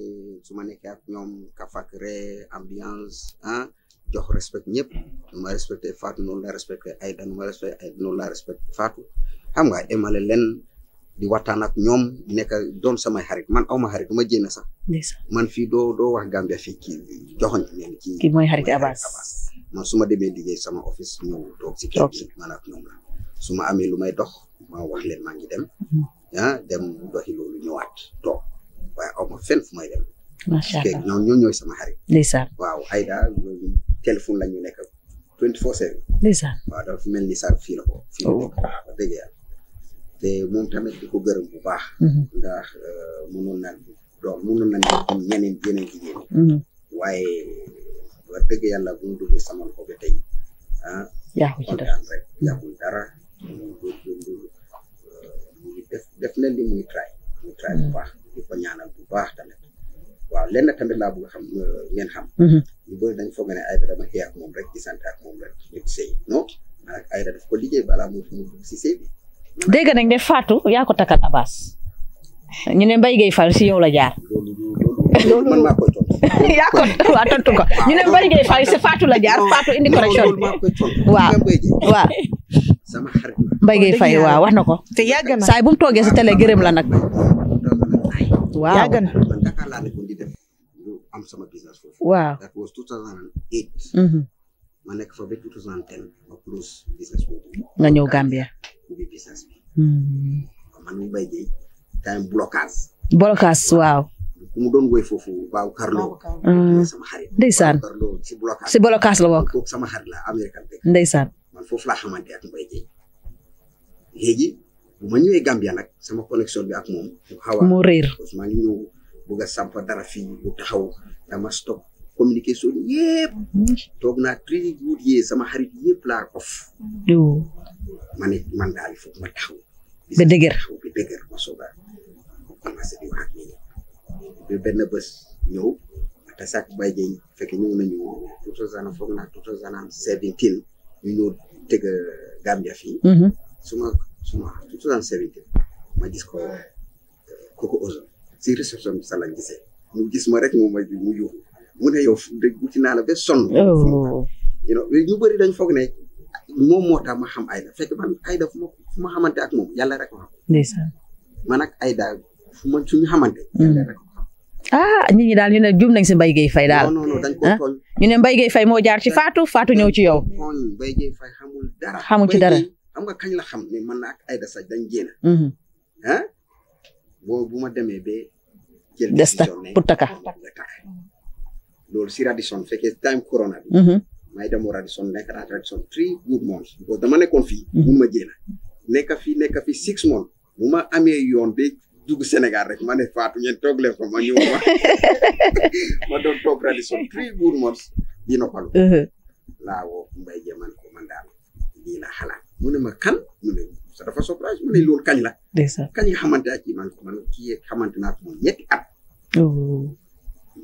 su ma nekkee ak ñoom kafak ree ambiance ah jox respect ñëpp nu ma respecté Fatou nu ma respecté Aïda noonu xam nga emale leen di waxtaan ak ñoom nekk doon samay xarit man aw ma xarit ma jéem sax. man fii doo doo wax Gambia fii kii joxoñ leen kii. kii mooy xarit Abass man su ma demee liggéey sama office ñëw toog man ak ñoom la su ma amee lu may dox ma wax leen maa ngi dem. Mm-hmm. ah dem doxi loolu ñëwaat toog waaye aw ma fenn fu may dem. macha allah ñoom ñoo sama xarit. ndeysaan waaw Aida téléphone la ñu nekk 24/7. ndeysaan waaw dafa mel ni Sarr fii la ko. fii la oh. te moom tamit di ko gërëm bu baax. Mm-hmm. Euh, na mm-hmm. waaye wax dëgg yàlla bu mu sama loxo ba tey ah. dara. def def na li muy try muy try bu hmm. baax di ko ñaanal bu baax tamit waaw lenn tamit laa bëgg xam euh, ngeen xam hmm. ñu bëri dañ foog ne Aïda dama xëy ak moom rek di sant ak moom rek ñu sëy non man ak Aïda daf ko liggéey balaa mu mu dugg si sëy bi dégg nañ ne Fatou yaa ko takkal Abbas ñu ne Mbaye Gueye Fall si yow la jaar loolu man maa koy tontu yaa ko waa tontu ko ñu ne Mbaye Gueye Fall si Fatou la jaar Fatou indi correction bi waaw waaw sama xarit la Mbaye Gueye oh, Faye wax na ko. te yàgg na saay bu mu toogee si télé gërëm la nag. waaw yàgg na. man Dakar laa nekkoon di def lu mhm. nga ñëw Gambia. ubbi business bi. Mhm. man Mbaye doon woy foofu baaw Carlo. Mhm. sama xarit. si blocage la bokk. sama xarit la man foofu laa xamante ak Mbaye Dièye léegi bu Gambia nag sama connexion bi ak moom. mu xaw a moo maa ngi ñëw bëgg a samp dara fi bu taxaw dama stop communication yëpp. toog naa sama xarit yëpp laa off. ma ne man daal foog ba dëgër ma soog a commencé di wax ak nit ñi benn bés ñëw. tasak Mbaye Dièye fekk ñëw nañu 2000 foog naa 2017 tega Gambia fii mm-hmm. suma suma tutusan seventeen ma gis ko kooku Ozone si réception bi sa lañ mu gis ma rek mu ma gi yuuxu mu ne yow wuti naa la ba sonn oh. you know ñu bëri dañ foog ne moo tax ma xam Aida fekk man Aida fu ma fu ma xamante ak moom yàlla rek ma xam ndeysaan man ak fu ma suñu xamante mm-hmm. ah nit daal ñu ne jum nañ si Mbaye Gueye daal non non dañ ah? moo jaar ci Fatou Fatou ñëw ci yow xamagul dara. xamu ci dara xam nga kañ la xam ne man ak Aida Sadji dañ jéena. ah mm-hmm. bu ma demee ba. jël décision ne pour taka loolu si Radisson fekkee time corona bi. Mm-hmm. may dem Radisson nekk naa Radisson three good months. parce dama nekkoon fii. mun mm-hmm. ma jéena. nekk fi nekk fi six months. bu ma amee yoon ba dugg Sénégal rek ma ne Fatou ñeen toog leen fa ma ñëw ma ma doon toog Radisson three good months di lii laa xalaat mu ma kan la. kañ nga xamante ne kii man man kii xamante naa ko moom ñetti at. Oh.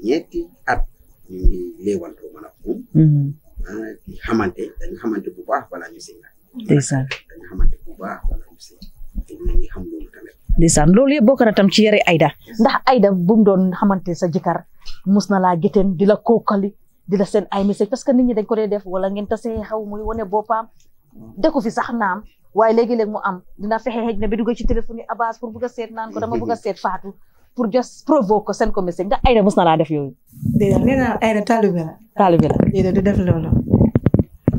ñetti mm-hmm. ah, bu baax balaa na tam ci yëre Aida ndax Aida bu doon xamante sa jëkkër mus na laa gëteen di la kookali di la seen ay message parce que nit ñi dañ ko dee def wala ngeen tase xaw muy wane boppam dëkku fi sax naam waaye léegi-léeg mu am dina fexe xëj na ba dugg ci téléphone yi Abbas pour bugg a seet naan ko dama bugg a seet Fatou pour just provoque ko seen ko message nga Aida mos na laa def yooyu. déedéet nee naa Aida taalibe la. taalibe la déedéet du def loolu.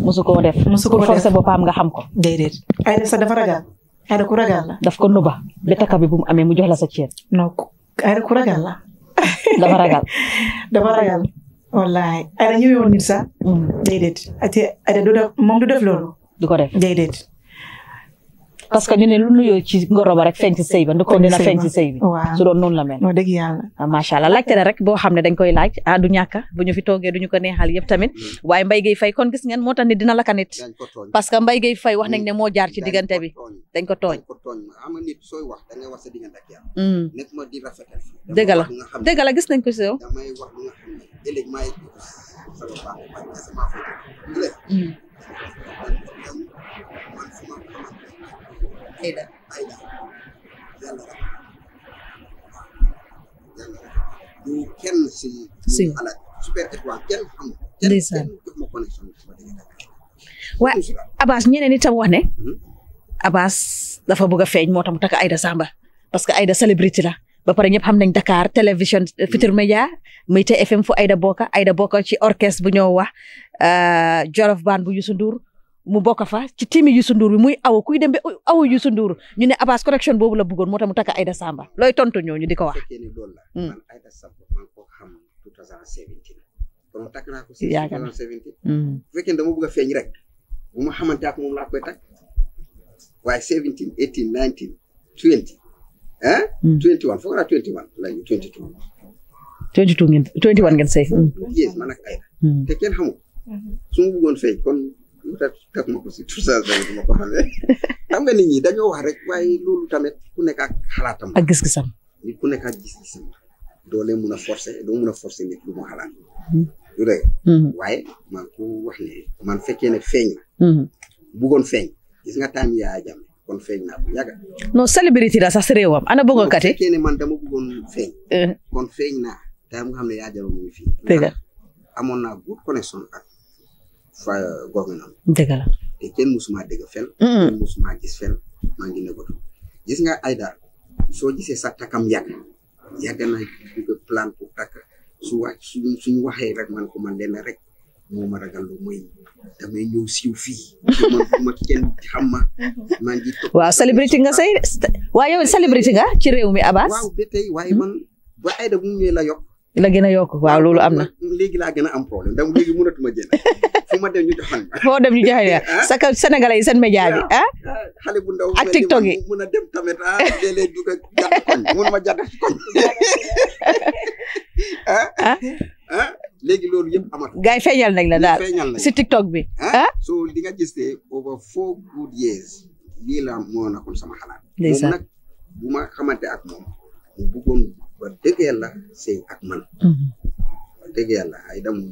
musu ko def musu ko def forcé boppam nga xam ko. déedéet Aida sax dafa ragal. Aida ku ragal la. daf ko nuba ba takka bi bu mu amee mu jox sa ceeb. non Aida ku ragal la. dafa ragal. dafa ragal. wallaahi Aida ñëwee woon nit mm. du def moom du def loolu. du ko def déedéet. parce que ñu ne lu nuyoo ci ngoro ba rek feeñ ci sëy ba ndëkkoon dina feeñ ci sëy bi su doon noonu la mel wax dëgg yàlla ah, macha allah laajte la rek boo xam ne dañ koy laaj a ah, du ñàkk bu ñu toogee du ñu ko neexal yëpp tamit mm. waaye mbay Gueye fay kon gis ngeen moo tax ne dina laka nit parce que Mbaye Gueye Faye wax nañ ne moo jaar ci diggante bi dañ ko tooñ mm. dëgg la dëgg la gis nañ ko si Aida ñu kenn si si xalaat super Abass ñeneen itam wax Abass dafa bëgg a feeñ moo tax mu takk Aida Samba parce que Aida célébrité ba pare ñëpp xam nañ Dakar télévision eh, mm. Futur Média muy fm fu Aïda Boka Aïda Boka ci orchestre bu ñoo wax euh, Jolof Baan bu Youssou Ndour mu bokk fa ci timi Youssou Ndour bi muy aw kuy dem ba aw Youssou Ndour ñu ne Abass correction boobu la bëggoon moo tax mu takk Aïda Samba looy tontu ñooñu di ko wax. Mm. yaakaar naa bu mm. fekkee dama bëgg a feeñ rek bu ma moom laa koy takk waaye 17 18 19 ah. 21 mm. foog naa 21 la ñu 22. 22 ngeen 21 ngeen mm. Mm. te kenn xamul. Mhm. su ma feeñ kon lu ma ko si tout ça tamit ma nga nit ñi dañoo wax rek waaye loolu nekk ak xalaatam. ak gis-gisam. nit ku gis-gisam. doo leen mun a forcer doo mun a forcer nit lu mu xalaat. man ku ne feeñ la. feeñ gis nga taam yaa jàmm. kon feeñ naa bu yàgg. non célébrité la sax si ana bëggoon kate. bu man dama bëggoon feeñ. Eh. kon feeñ naa. daa nga xam yaa jaro mu ngi fii. dëgg la naa good connexion ak fa euh, government. dëgg la musuma dégg fenn. musuma gis fenn maa ngi nekkoon. gis nga Aida soo gisee sax takam yàgg yàgg naa dugg plan pour suñ waxee rek man ko rek. moo ma ragal lu mooy damay ñëw siiw xam ma. maa ngi waaw célébrité nga say waaye yow célébrité ci réew mi Abass. waaw ba tey ay da bu la yokk. la gën a yokk waaw loolu am na. léegi laa gën a am problème ma dem ñu joxal ma. foo dem ma ah? sa kaw Sénégalais yi bi ah, ah? ah. xale bu ndaw a dem tamit ma jàdd ah. ah léegi loolu yëpp amatul. gars yi feeñal nañ la daal feeñal nañ si bi. ah so li nga gis ne over four good years lii la moo nakul sama xalaat. ndeysaan moom bu ma xamante ak moom mu bëggoon yàlla sëy ak mhm.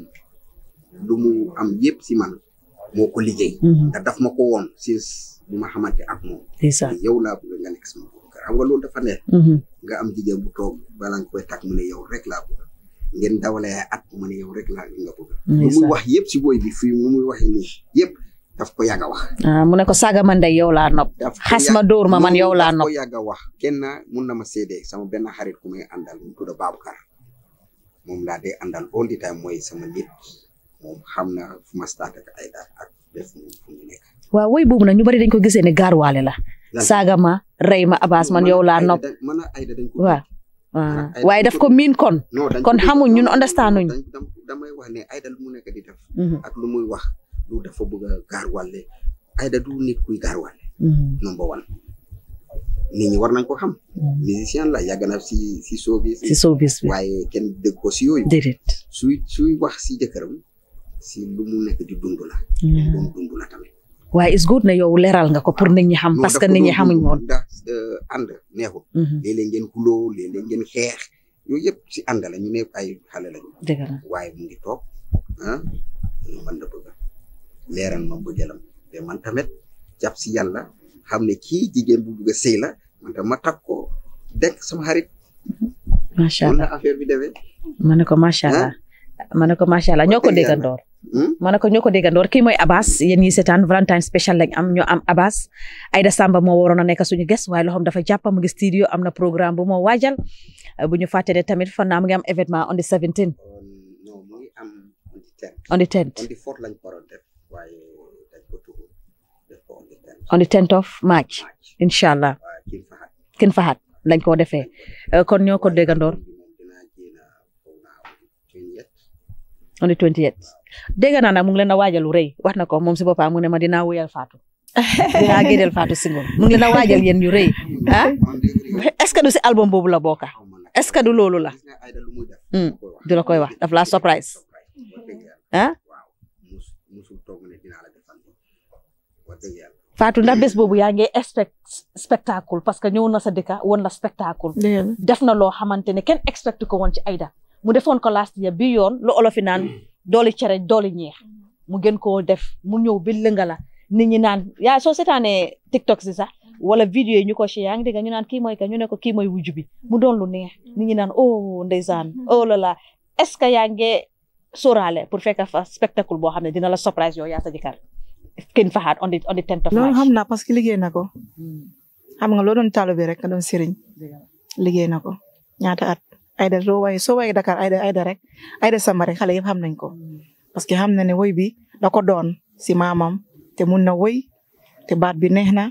mu am yëpp si man moo ko liggéey. nga mhm. daf ma ko woon si bu ma xamante ak moom. ndeysaan yow laa nga nekk sama bopp xam nga loolu dafa neex. Mhm. nga am jigéen bu toog balaa nga koy takk mu ne yow rek laa bëgg. ngeen dawale at mu ne yow rek la nga bëgg mu muy wax yépp ci boy bi fi mu muy wax ni yépp daf ko yàgg a wax ah mu ne ko saga man day yow laa nopp xas ma dóor ma man yow laa nopp ko yàgg a wax kenn mun na ma seede sama benn xarit ku may àndal mu tudd Babacar moom laa dee àndal all the time mooy sama nit moom xam na fu ma start ak ay daal ak def fu mu nekk waaw way boobu nag ñu bari dañ ko gisee ne gaar la saga ma rey ma abaas man yow laa nopp waaw waaye daf ko miin kon. kon xamuñ ñun understand ñu. damay wax ne Aida lu mu nekk di def. Mhm. ak lu muy wax lu dafa bëgg a gaar wàlle Aida du nit kuy gaar mhm. number one nit war nañ ko xam. Mhm. musicien la yàgg na si si showbiz. si showbiz waaye kenn dégg ko si yooyu. suy wax si jëkkëram si lu mu di dund la. tamit. waaye is good na yow leeral nga ko pour ah. nit ñi xam parce que nit ñi xamuñ woon ndax euh, ànd neexul mhm. léeg-léeg ngeen kuloo léeg-léeg ngeen xeex yooyu yëpp si ànd la ñu ne ay xale lañu dëgg la waaye mu ngi toog ah man da bëgg leeral ma bëggalam te man tamit jàpp si yàlla xam ne kii jigéen bu bëgg a sëy la man tam ma takk ko dekk sama xarit macha allah affaire bi demee ma ne ko macha ah? allah ma ne ko macha allah ñoo ko déggandoor Hmm? ma ne ko ñoo ko déggandoor kii mooy Abass yéen ñii seetaan Valentine spécial lañ am ñoo am Abass Aida Samba moo waroon a nekk suñu ges waaye loxoom dafa jàpp mu studio am na programme bu moo waajal uh, bu ñu fàtte ne tamit fan naa mu ngi am événement on the 17. on the 10th on the 10th of March incha allah kin faxat lañ ko defee uh, kon ñoo ko déggandoor dega naa nag mu ngi leen a waajal lu rëy wax na ko moom si boppam mu ne ma dinaa wéyal Fatou dinaa gédeel est ce si album boobu la bokka est ce que du loolu la hmm. du la koy wax daf laa surprise ah Fatou ndax bés expect spectacle parce que ñëw na sa dëkka la spectacle def na loo xamante ne expect ko woon ci Aida mu defoon ko last year bi yoon lu olofi dooli cere dooli ñeex mu gën koo def mu ñëw bi lëngala nit ñi naan yaa soo seetaanee TikTok si sax wala vidéo yi ñu ko si yaa ngi dégg ñu naan kii mooy ka ñu ne ko kii mooy wujju bi mu doon lu neex nit ñi naan oh ndeysaan oh là est ce que yaa ngi sóoraale pour fekk fa spectacle boo xam ne dina la surprise yow yaa sa jëkkër kenn faxaat on the on the tenth of March xam naa parce que liggéey na ko hmm. xam nga loo doon taalo bi rek nga doon sëriñ liggéey na ko ñaata at Aida soo waayee soo waayee Dakar Aida Aida rek Aida Samba rek xale yëpp xam nañ ko parce que xam na ne woy bi da ko doon si maamam te mun na woy te baat bi neex na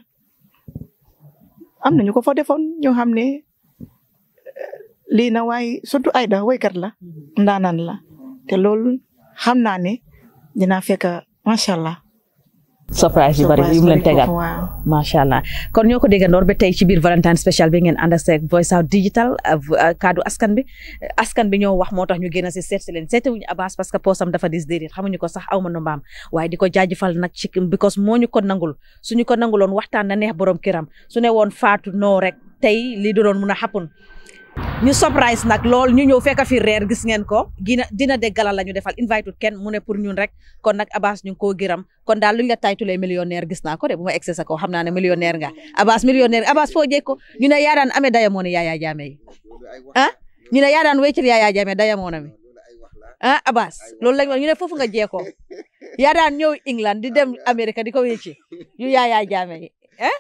am na ñu ko fa defoon ñu xam ne eh, lii na waaye surtout Aida woykat la ndaanaan la te loolu xam naa ne dinaa fekk macha allah surprise bari yu mu leen tegal macha allah kon ñoo ko déggandoor ba tey ci biir Valentine spécial bi ngeen ànd ak Voice Out Digital euh, euh, kaddu askan bi askan bi ñoo wax moo tax ñu génn si seet si leen seetewuñu Abbas parce que poosam dafa dis déedéet xamuñu ko sax aw ma nombaam waaye di ko jaajëfal nag ci because moo ñu ko su suñu ko nanguloon waxtaan na neex borom kiram su ne woon faatu noo tey lii du doon mun a xapun ñu surprise nag lool ñu ñëw fekk fi reer gis ngeen ko gina dina de gala la ñu defal invite kenn mu ne pour ñun rek kon nag Abass ñu ngi koo kon daal luñ la taytulee millionnaire gis naa ko de bu ma egsi sa kaw xam naa ne nga Abass millionnaire Abass foo jëkk ko ñu ne yaa daan amee daya moo ne yaayaa jaame yi ah ñu ne yaa daan wéccil yaayaa jaame daya moo na mi ah Abass loolu lañ wax ñu ne foofu nga jeekoo yaa daan ñëw England di dem Amérique di ko wécci ñu yaayaa jaame yi ah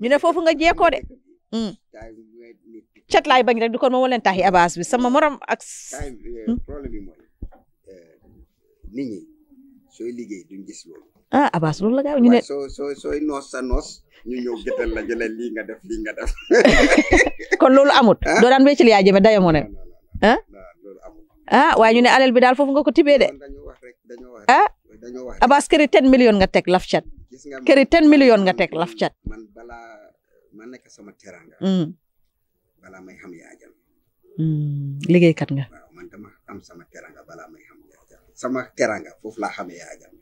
ñu ne foofu nga jeekoo de hmm. lay bañ rek du kon moom moo leen taxi bi sama morom ak. Hmm? Eh, problème bi mooy eh, nit ñi soy liggéey duñ gis lool ah abass lool la gaaw ñu né so so sooy noos sa nos ñu lagi gëtal la jëlé li nga def li nga def. kon lool amut. Ah? do daan wéccil yaa jëme dayo moo lool ah ah way ñu né alel bi daal fofu nga ko tibee de. ah abass kéré 10 million nga tek laf chat kéré 10 million nga tek laf chat man bala ma nek sama teranga. Hmm bala may xam yaa jam hmm, kat nga waaw nah, man dama am sama teranga bala may xam yaa jam sama teranga foofu laa xamee yaa jam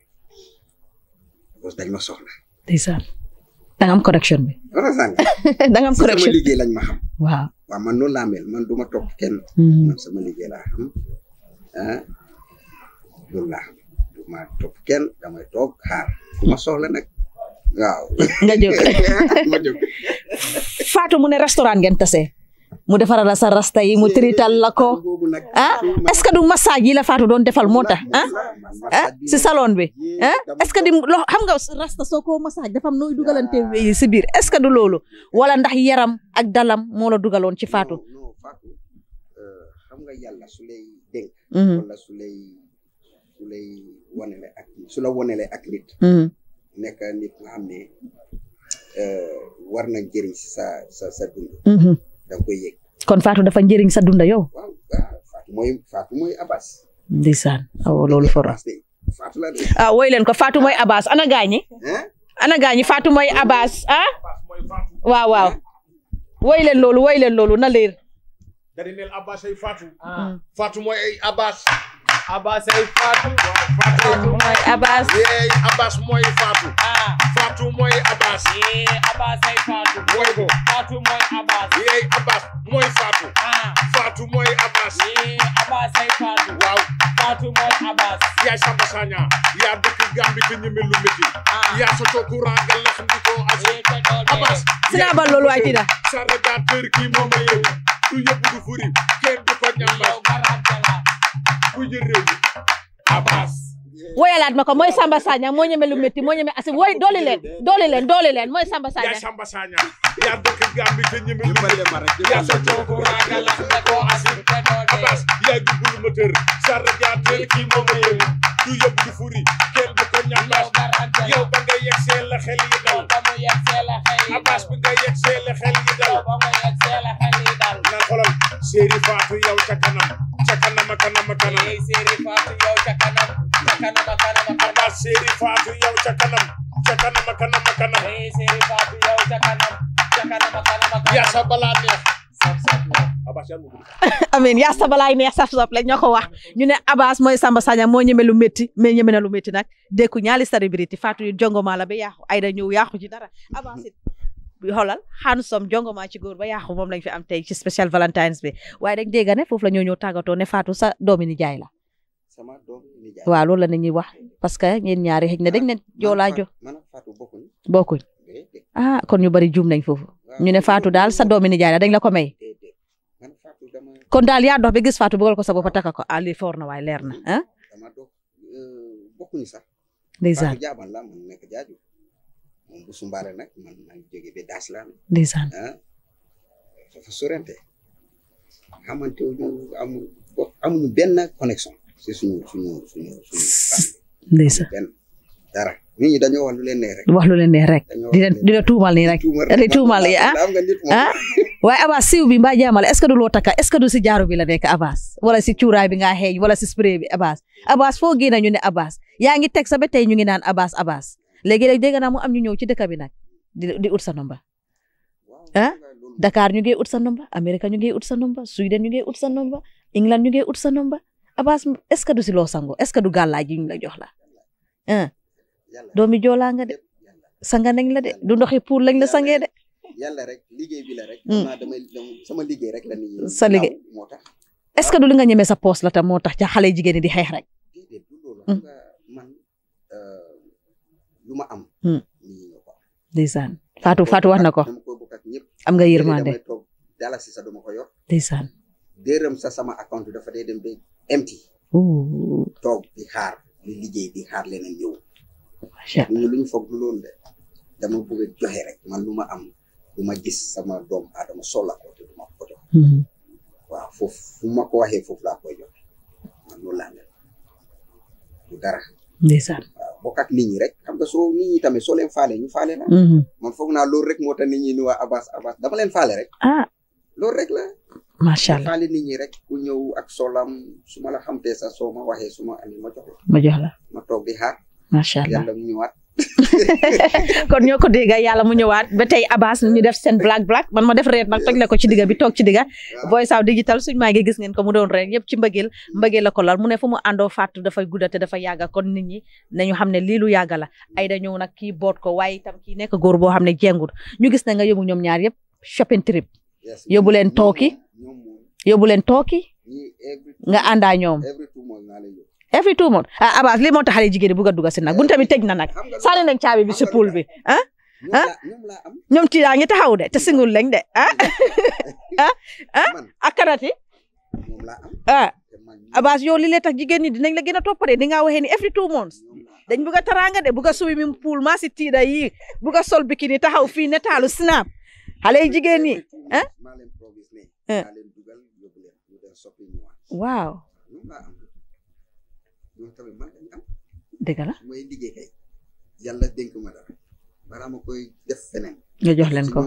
parce dañ ma soxla ndeysaan da nga am correction bi wala da nga am correction sama liggéey lañ ma xam waaw waaw man noonu laa mel man duma topp kenn hmm. man sama liggéey laa xam ah loolu laa xam duma topp kenn damay toog xaar ku ma soxla nag waaw nga jóg ma jóg Fatou mu ne restaurant ngeen tase mu defaral sa rasta yi mu trital la ko ah est-ce que du massage yi la Fatou doon defal moo tax ah ah si salon bi ah est-ce que di loo xam nga rasta soo ko massage dafa am nooy dugalante wéyi si biir est-ce du loolu wala ndax yaram ak dalam moola dugaloon ci faatu euh, xam nga yàlla su lay mm-hmm. su lay su la wanele ak nit. Mm-hmm. nekk nit nga xam ne euh, war na sa sa sa dund. Mm-hmm. da kon Fatou dafa njëriñ sa dunda yow. waaw a mooy Fatou mooy Abbas. ndeysaan awo loolu foro. ah woy ko Fatou mooy Abbas ana gaañi. ana gaañi Fatou mooy Abbas ah. waaw waaw. woy leen loolu woy na leer. dari Abbas ay Fatou. Fatou Abbas. mooy Fatou. ah mooy Abbas. yee Abbas mooy ko Fatou mooy Abbas. yee Abbas mooy Fatou. ah mooy Abbas. yee Abbas ay Fatou. waaw Fatou mooy Abbas. yaa Samba Sagna yaa dëkk Gambie ah. Abbas. sinaa ba loolu waay tida. sa kii moom a yeewu. du yëpp du furi kenn du ko ñambal. buy jël réew mi Abbas. ma ko mooy Samba Sagna moo ñeme lu métti moo ñeme asi woy dooli leen dooli leen dooli leen mooy Samba Sagna. yaa Samba Sagna yaa dëkk Gàmbi te ñeme lu métti yaa sa coono raagala koo asi Abbas yaa jublu moteur sarra kii moom a du yëpp furi kenn du ko ñambaas yow ba nga yegg see xel yi dal Abbas bi nga yegg see xel yi dal. na xolal séeri ya yow ca kanam ca kanam amin ya sa balaay neex saf saf la ñoo ya? wax ñu ne abbas mooy samba sanya mo ñeme lu métti mais na lu métti nag dékku ñaali jongo malabe ya. yaaxu nyu ya, yaaxu ci dara xolal handsome jongoma ci góor ba yaaxu moom lañ fi am tey ci special valentines bi waaye dañ dégg ne foofu la ñoo ñëw tagato, ne Fatou sa doomi nijaay la sama doomi nijaay waaw loolu la nit ñi wax parce que ñeen ñaari xëj na dañ ne joolaa jo bokkuñ ah kon ñu bari juum nañ foofu ñu ne Fatou daal sa doomi nijaay la dañ la ko may kon daal yaa dox ba gis Fatou bëggal ko sa bopp takka ko ah lii foor na waaye leer na ah euh, ndeysaan moom bu sumbaare eh? nag man maa ngi jógee ba Daslam. ndeysaan ah dafa sorante xamante wuñu amuñu connexion suñu suñu suñu suñu. dara. nit ñi dañoo wax lu leen neex rek. wax lu leen neex rek di la tuumal nii rek. di tuumal nii ah ah. waaye Abass bi mbaa jaamal est ce que du loo takka est ce que du si jaaru bi la wala bi nga wala spray bi Abas Abass foo génne ñu ne Abass yaa ngi sa ba ñu ngi naan léegi nag dégg naa mu am ñu ñëw ci dëkk bi nag di di ut sa nomba ah ñu ngi ut sa nomba Amérique ñu ngi ut sa nomba Sweden ñu ngi ut sa nomba England ñu ngi ut sa nomba Abass est-ce que du si loo sango ce que du gàllaaj yi ñu la jox la ah doomi joolaa nga de sanga nañ la de du ndoxi pour lañ la sangee de. yàlla rek hmm. sa liggéey moo du li nga ñemee sa poos la tam moo tax ca xale jigéen ñi di xeex rek. lu ma hmm. am. ndeysaan Fatou Fatou wax na ko. am nga yërmande dala si sa duma ko yor. ndeysaan. dërëm sa sama account dafa dee dem ba toog di xaar di liggéey di xaar leneen ñëw. macha allah lu ñu foog lu loolu de dama bëgg a joxe rek man lu ma am lu ma gis sama doom aadama la ko te du ma ko hmm. waaw foofu fu ma ko waxee foofu laa ko jox man loolu laa mel du dara. ndeysaan bokk ak nit ñi rek xam nga soo nit ñi tamit soo leen faale ñu faale la mm-hmm. man foog naa loolu rek moo tax nit ñi ni waa Abbas Abbas dama leen faale rek ah loolu rek la macha allah nit ñi rek ku ñëw ak solam su ma la xamtee sax soo ma waxee su ma amee ma jox la ma toog di xaar macha kon ñoo ko dégg yàlla mu ñëwaat ba tey Abass ñu def seen black black man ma def reet nag toj la ko ci digga bi toog ci digga Voice Out Digital suñu maa ngi gis ngeen ko mu doon reet yëpp ci mbëggeel hmm. mbëggeel la ko lal mu ne fu mu àndoo fàttu dafay guddate dafa yàgga kon nit ñi nañu xam ne lii lu yàgga la ay da ñëw nag kii boot ko waaye itam kii nekk góor boo xam ne jengul ñu gis na nga yóbbu ñoom ñaar yëpp shopping trip yóbbu leen tooki yóbbu leen tooki nga àndaa ñoom every two months ah, ah lii moo tax xale jigéen ñi bugg a si nag bunta bi tëj na nag sànni nañ caabi bi si pool bi ah ah ñoom ah? ci daa ngi taxaw de ta singul lañ de ah ah ah ak kanati ah Abass yow li lay tax jigéen ñi dinañ la gën a toppatee di nga waxee ni every two months dañ bugg a taraanga de bugg a swimming pool maa si tiida yi bugg a sol bikini taxaw fii netaalu snap xale jigéen ñi ah eh. waaw loolu tamit man dañ am. dëgg la mooy liggéey kay yàlla dénk ma dara balaa ma koy def feneen. nga jox leen ko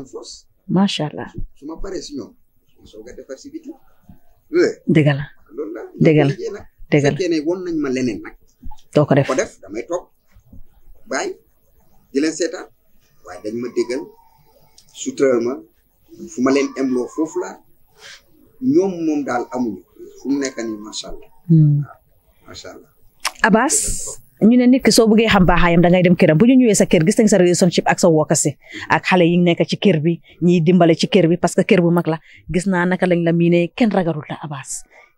macha allah. su ma paree si ñoom soog a defar si biti. dëgg la loolu la dëgg la dëgg la fekkee ne woon nañ ma leneen nag. doo ko def ko def damay toog bàyyi di leen seetaan waaye dañ ma déggal sutural ma fu ma leen emloo foofu la ñoom moom daal amuñu fu mu nekk nii macha allah. Hmm. macha allah. Abbas ñu ne nit ki soo bëggee xam baaxaayam da ngay dem këram bu ñu ñëwee sa kër gis nañ sa relationship ak sa wokkasi ak xale yi nekk ci kër bi ñiy dimbale ci kër bi parce que kër bu mag la gis naa naka lañ la miinee kenn ragalul la Abbas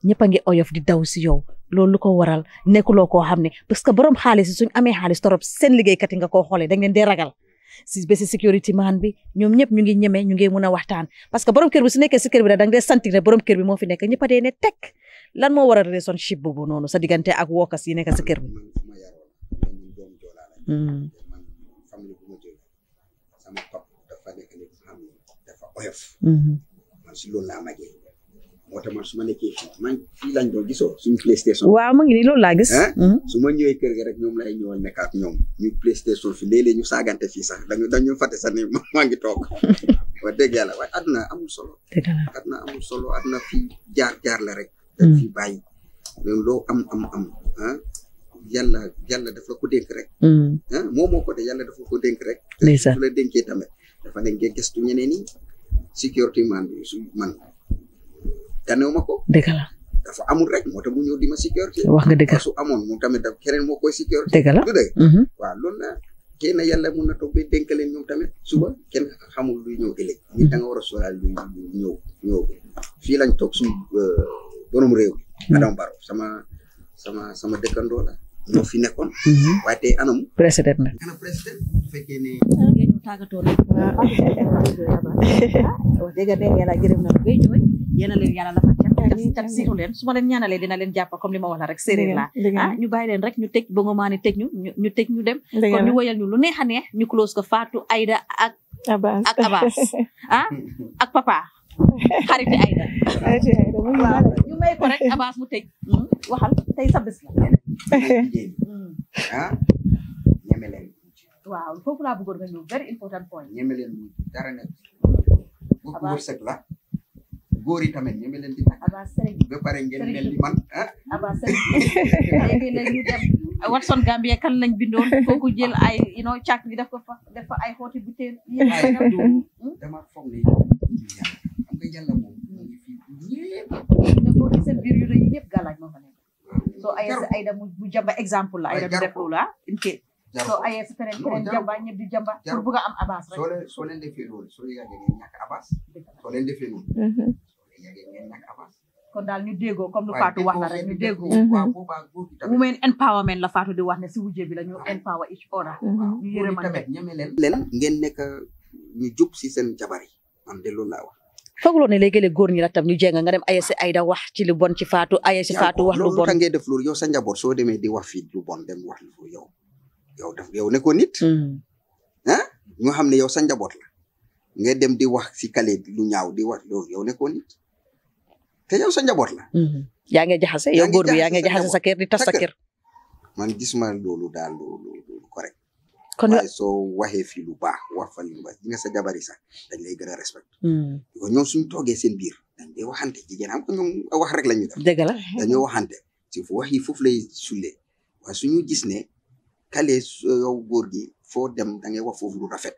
ñëpp a ngi oyof di daw si yow loolu lu ko waral nekkuloo koo xam ne parce que borom xaalis yi suñ amee xaalis torop seen liggéeykat yi nga ko xoolee dañ leen dee ragal si bési sécurité man bi ñoom ñëpp ñu ñu ngi a waxtaan parce que borom kër bi su nekkee moo fi nekk ñëpp lan moo waral relationship boobu noonu sa diggante ak workers yi hmm. nekk si kër bi. man si loolu laa màggee moo tax man su ma nekkee fii man fii lañ doon gisoo suñu playstation. waaw mu ngi nii loolu laa gis. Hmm. su ma ñëwee kër ga rek ñoom lay ñëwal nekk ak ñoom ñu playstation fi léeg-léeg ñu saagante fii sax dañu dañu fàtte sax ne maa ngi toog wax dëgg yàlla waaye àdduna amul solo. dëgg la àdduna amul solo adna fi jaar jaar la rek ak hmm. fi bàyyi même loo am am am ah yàlla yàlla daf la ko dénk rek ah moom moo ko de yàlla dafa ko dénk rek su la dénkee tamit dafa ne nga gëstu ñeneen yi sécurité man bi su man ganew ma ko dëgg la dafa amul rek moo tax mu ñëw di ma security, wax nga dëgg su amoon moom tamit daf keneen moo koy sécurité dëgg la du dëgg mhm. waaw loolu la xëy na yàlla mun na toog ba dénk leen ñoom tamit suba kenn xamul luy ñëw ëllëg nit da nga war a luy ñëw ñëw fii lañ toog suñu euh, borom réew Adam Baro sama sama sama dëkkandoo la no fi nekkon waaye anam president na ana president fekkee ne ngeen tagato rek wa dëgg de yàlla na leen la fa tam siiru leen su leen ñaanalee dina leen comme rek ñu leen rek ñu nga ñu ñu dem kon ñu woyal ñu lu ñu close ko ak ak ah ak papa xariti Aida waaw ñu may ko rek avance mu tëj hmm? waxal tey sa la hmm. ah waaw foofu laa bëggoon nga ñëw very important point ñeme leen dara ne bu wërsëg la góor yi tamit ñeme leen di aba sëriñ ba pare ngeen mel ni man ah aba sëriñ léegi nag ñu dem Watson Gambia kan lañ bindoon kooku jël ay you know càkk bi def ko fa def fa ay xooti butéel hmm? dama foog ne ko yàlla moom ko seen biir yu jamba exemple la ayda du ah, jamba pour bëgg a am avance rek soo kon daal ñu déggoo comme lu Fatou wax la rek ñu déggoo mhm. women empowerment la Fatou di wax ne si wujje bi la ñu empower each other mhm. ñu yërëmante leen ngeen nekk ñu jub si seen jabar man de loolu laa wax fooguloo ne léegi-léeg góor ñi la tam ñu jénga nga dem ayesi ayda wax ci lu bon ci faatu ayesi faatu wax lu bon ka ngay def loolu yow sa njaboot soo demee di wax fii lu bon dem wax lu yow yow yow ne ko nit ah xam ne yow sa njaboot la dem di wax si kale lu ñaaw di wax yow yow sa njaboot la mm-hmm. yaa ngi jaxase yow góor bi yaa ngi jaxase sa kër ta tas sa man gis loolu daal loolu kon waaye soo waxee fi lu baax wax fa lu baax sa jabari sax dañ lay gën a respect ko hmm. ñoom suñ toogee seen biir dañ day waxante jigéen am ko la ñu def dëgg la dañoo waxante si fu wax yi foofu lay sulle waaye suñu ne kale yow gi foo dem da wax foofu lu rafet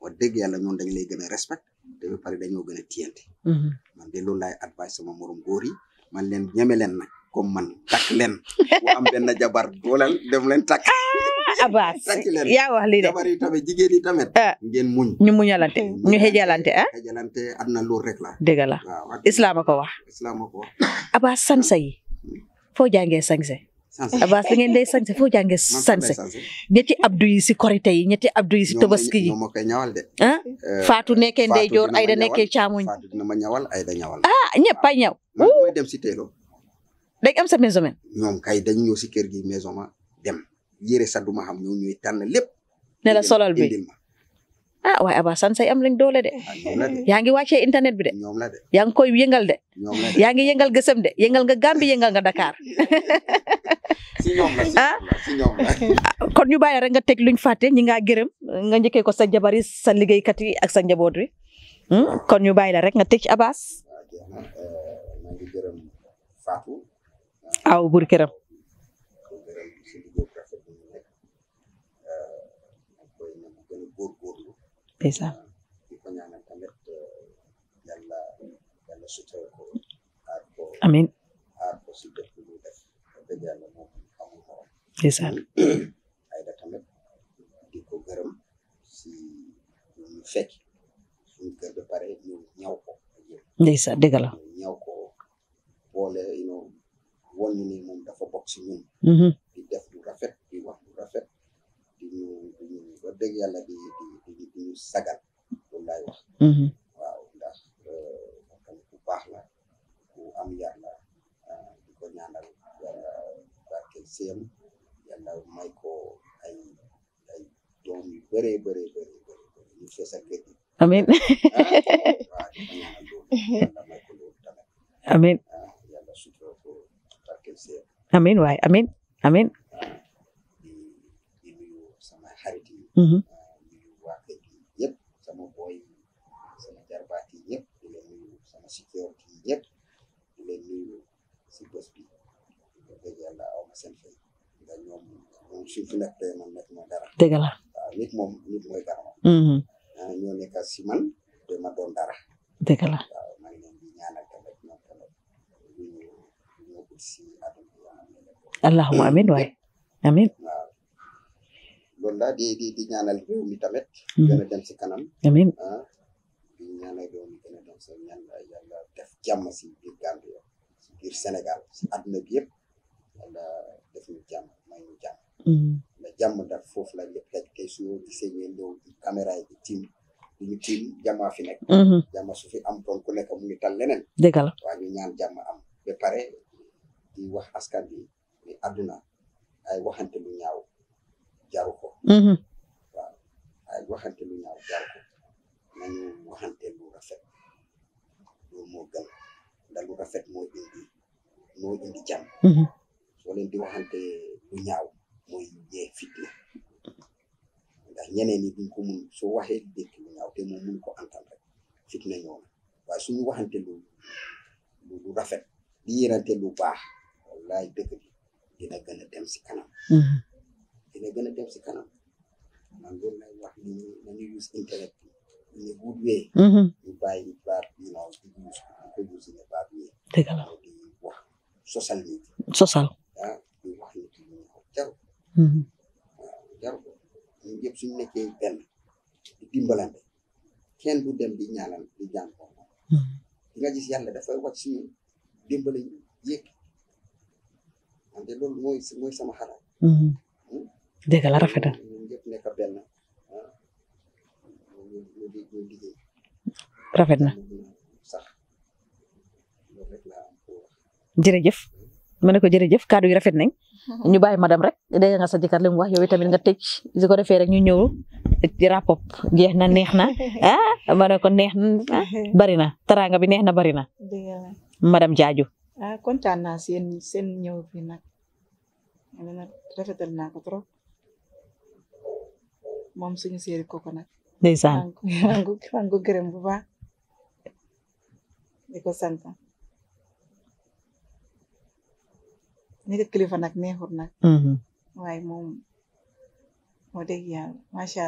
wax dëgg yàlla ñoom dañ lay a respect te ba pare dañoo gën a tiyante hmm. man de loolu laay advice sama morom góor yi man leen ñeme leen nag comme man takk leen bu am benn jabar dooleel dem leen Abbas ya wax lii de jabar yi tamit jigéen yi tamit ah. ngeen muñ ñu muñalante ñu ah. la dëgg la islaama ko wax islaama ko wax Abbas sansa yi foo jàngee sanse Abbas da ngeen day sanse foo jàngee sanse ñetti abdu yi si korite yi ñetti abdu yi si tobaski yi ñoo ma koy ñawal de ah eh, Fatou nekkee ndeyjoor Ayda nekkee caamuñ Fatou dina ma ñawal Ayda ñawal ah a ñaw ah, mooy dem si teeloo dañ am kay dañ ñëw si kër gi maison ma sa duma xam ñoo ñuy tan lepp ne la solal bi ah waaye abasan say am lañ doole de ah, yaangi wacce internet bi de yang yaang koy yengal de de yaangi yengal gësëm de yengal nga gambi yengal nga Dakar ah? ah kon ñu baye rek nga tek luñ faté ñi nga gërem nga ñëkke ko sa jabar sa sa kat yi ak sa njaboot yi hmm? kon ñu baye la rek nga tek ci abass ah, euh, aw bur ndeysaan amiin ndeysaan Desa, tamit di ko you know won ni moom dafa bokk si ñun di def lu rafet di wax lu rafet di ñu di ñu ba dëgg yàlla di di ñu sagal loolu laay wax mhm. waaw ndax moom euh, tamit ku baax la ku am yar amin ah, amin ah, amin waay amin amin ah, di amin waay nah, amin loolu di di di ñaanal réew mi tamit gën dem si kanam amin ah, di ñaanal réew mi dem ñaan def jàmm si biir Gambie si ya. biir Senegal si àdduna bi def ñu jàmm may ñu jàmm la jàmm daf foofu la caméra yi di tiim ñu tiim jàmmaa fi nekk jàmm su fi am kon ku nekk mu ngi tal leneen ñu ñaan am ba di wax askan bi ni àdduna ay waxante lu ñaaw jaru ko mm-hmm. waaw waxante lu ñaaw jaru waxante rafet loolu moo gën ndax rafet moo indi moo indi jàmm mm-hmm. soo leen di waxante lu ñaaw mooy yee fitna ndax ñeneen ñi duñ ko mun soo waxee dëkk lu ñaaw te moom ko antan rek fitna ñëw na waaye suñu waxante lu lu rafet di yërante lu baax wallaay dëkk dina gën a dem si kanam. Mm-hmm. dina gën a dem si kanam man loolu lay wax ni nañu use intellect in a good way. Mm-hmm. ñu bàyyi baat yi ñu use ko use in a bad sosal nit sosal wax nit ñi ñu ko jaru. waaw mm-hmm. ah, jaru ko ñun ñëpp benn di dimbalante kenn du dem di ñaanal di jàmm ko. di nga gis yàlla dafay wàcc suñu dimbali mooy sama xalaat. dëgg la rafet na. ñun ñëpp nekk benn ñu liggéey. rafet na. sax loolu rek laa am pour wax. jërëjëf ma ne ko jërëjëf kaddu yi rafet nañ. ñu bàyyi madame rek dégg nga sa jëkkër li wax yow tamit nga tëj su ko rek ñu rapop ah ko neex bi madame Jaaju. ah kontaan naa seen seen ñëw ne nag rafetal naa ko trop moom suñu séeri koko nag ndeysaan maa ngi baax di ko sant nekk kilifa nag neexut nag mm-hmm. waaye moom moo dégg yàlla macha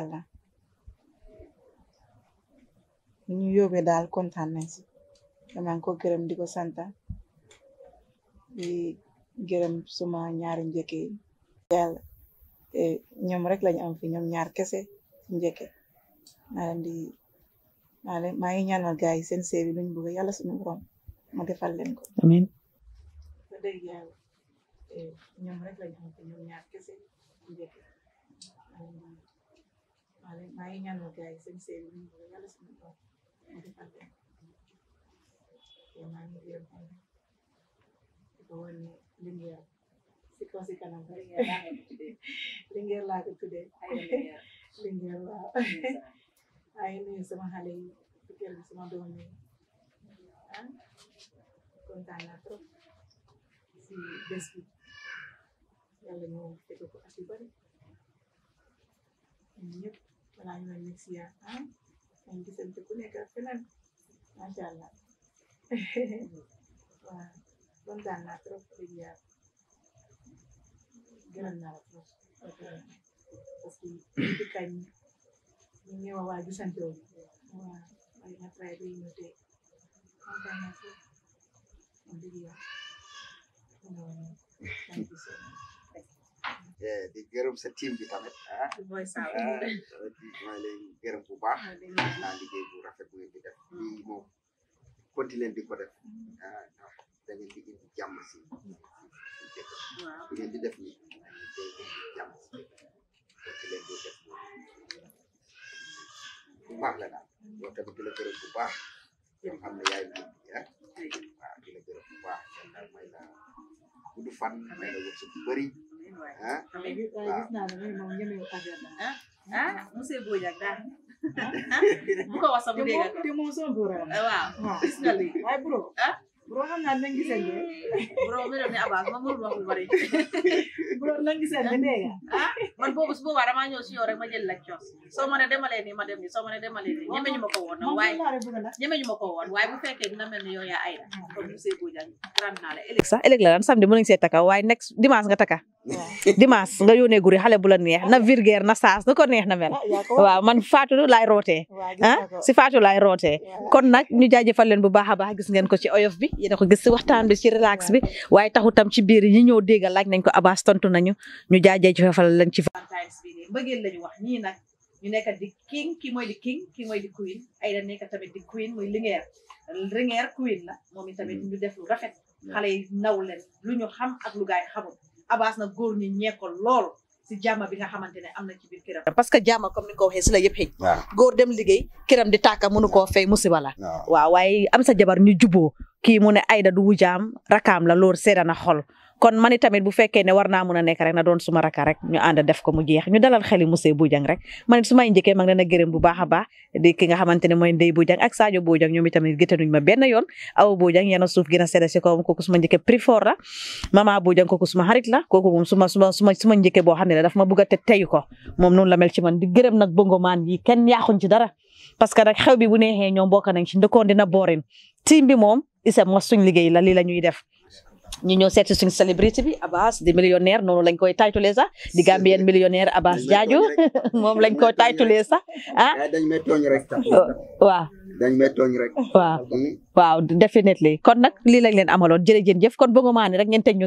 ñu yóbbee daal kontaan nañ si damaa ko gërëm di ko santa gërëm suma ñaari njëkke rek lañu am fi ñaar kese si njëkke maa ngi ñaanal yi seen séebi luñ bëgg yàlla suñu borom mu defal leen ko amiin sa dëgg te ñoom rek lañu am fi ñoom ñaar kese si njëkke maa leen maa ngi ñaanal gars seen séebi luñ bëgg yàlla suñu borom mu defal leen ko lingeer si kaw si kanam rek lingeer laa ko tuddee lingeer waaw ay nuyu sama xale yi si kër si besi yang yàlla itu fekk asli banget ini bari ñëpp balaa ya ah nañ gisante ku nekk ak feneen allah lontana troppo deviata. Grannava troppo. Così, piccani. Il mio aveva di San Giorgio. Ma una tre di Lontana thank you so much. di gërëm sa team ah mooy sa mooy leen gërëm bu baax naa liggéey bu rafet di def lii moom continuer di dañuy di indi jàmm si bu ngeen di def nii day indi jàmm si fekk leen di def bu baax la daal yow tamit di la gërëm bu baax yow xam ne yaay di la gërëm bu baax yow daal may la fan may la wërsëg bu bëri ah gis naa ne ah ah monsieur Bojak daal bu ko wax sama dégg te moom bro ah bro xam naa ne gisee ngeen. bro mi doon ne Abass ma mënul wax lu bari. bro na gisee ngeen dégg nga. ah man boobu su boobaa damaa ma jël la coos. soo ma ne demalee nii ma dem nii soo ma ne demalee nii ñeme ñu ma ko woon. waaye ma ko woon waaye bu fekkee dina mel ni yow yaa ay la. kon ah. monsieur Bodian grand naa la. sax ëllëg la lan samedi mën nañu see takka waaye next dimanche nga takka. dimanche nga yónnee guri xale bu la neex na virgère na saas na ko neex na mel ah, waaw man Fatou laay rootee ah si Fatou laay rootee kon nag ñu jaajëfal leen bu baax a baax gis ngeen ko ci oyof bi yéena ko gis si waxtaan bi ci relax bi waaye taxu tam ci biir ñi ñëw déggal laaj nañ ko Abass tontu nañu ñu jaajëfal leen ci Valentine's bi nii mbëggeel lañu wax ñii nag ñu nekk di king ki mooy di king ki mooy di queen ay da di queen muy lingeer lingeer queen la moom i tamit mm. ñu def lu rafet xale yi naw leen lu ñu xam ak Abass na góor ñi ñee ko lool si jàmma bi nga xamante ne am na ci parce que jàmma comme ni ko waxee si la yëpp xëy. góor dem liggéey këram di tàkka mënu koo fay musiba la. waaw waaye am sa jabar ñu juboo kii mu ne Aida du wujaam rakaam la loolu seeda na xol. kon mani tamit bu fekkee ne war naa mën a rek na doon suma raka rek ñu ànd def ko mu jeex ñu dalal xeli monsieur Bojang rek man it su may njëkkee ma ngi a a baax di ki ma benn yoon aw Bojang yena suuf gën a sedda si kawam kooku suma njëkkee prix fort la mama Bojang kooku suma xarit la kooku moom suma suma suma suma njëkkee ma bëgg a te teyu ko moom noonu la mel ci man di na nag bongomaan yi kenn yaaxuñ ci dara parce que nag bi bu neexee ñoom bokk nañ ci ndëkkoon dina boorin team bi moom isa ma suñ liggéey la lii la ñuy def ñu ñëw seet si suñu célébrité bi Abass di millionnaire noonu lañ koy taytulee sax di Gambien millionnaire Abass Jarju moom lañ koy taytulee sax ah. Eh, dañ may tooñ oh, waaw. Mm. waaw definitely kon nag lii lañ leen amaloon jërëjëf jëf kon bëggu maa ne rek ngeen teg ñu.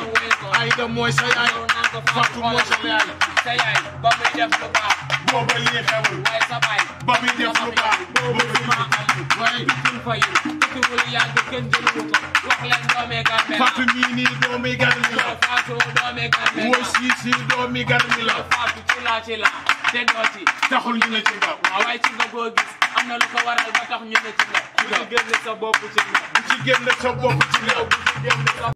Aïda mooy sa yaay Fatou mooy sa yaay sa yaay ba muy def lu baax booba lii xewul waaye sa baay ba muy def lu baax booba lii xewul waaye dul fayu tukkiwul yàgg kenn jëluwu ko wax leen doomee garmi la Fatou mii nii doomi garmi la Fatou doomi garmi la woo sii sii doomi garmi la Fatou ci laa ci la te doo ci taxul ñu ne ci nga waaye ci nga boo gis am na lu ko waral ba tax ñu ne ci nga bu ci génn sa bopp ci nga bu ci génn sa bopp ci nga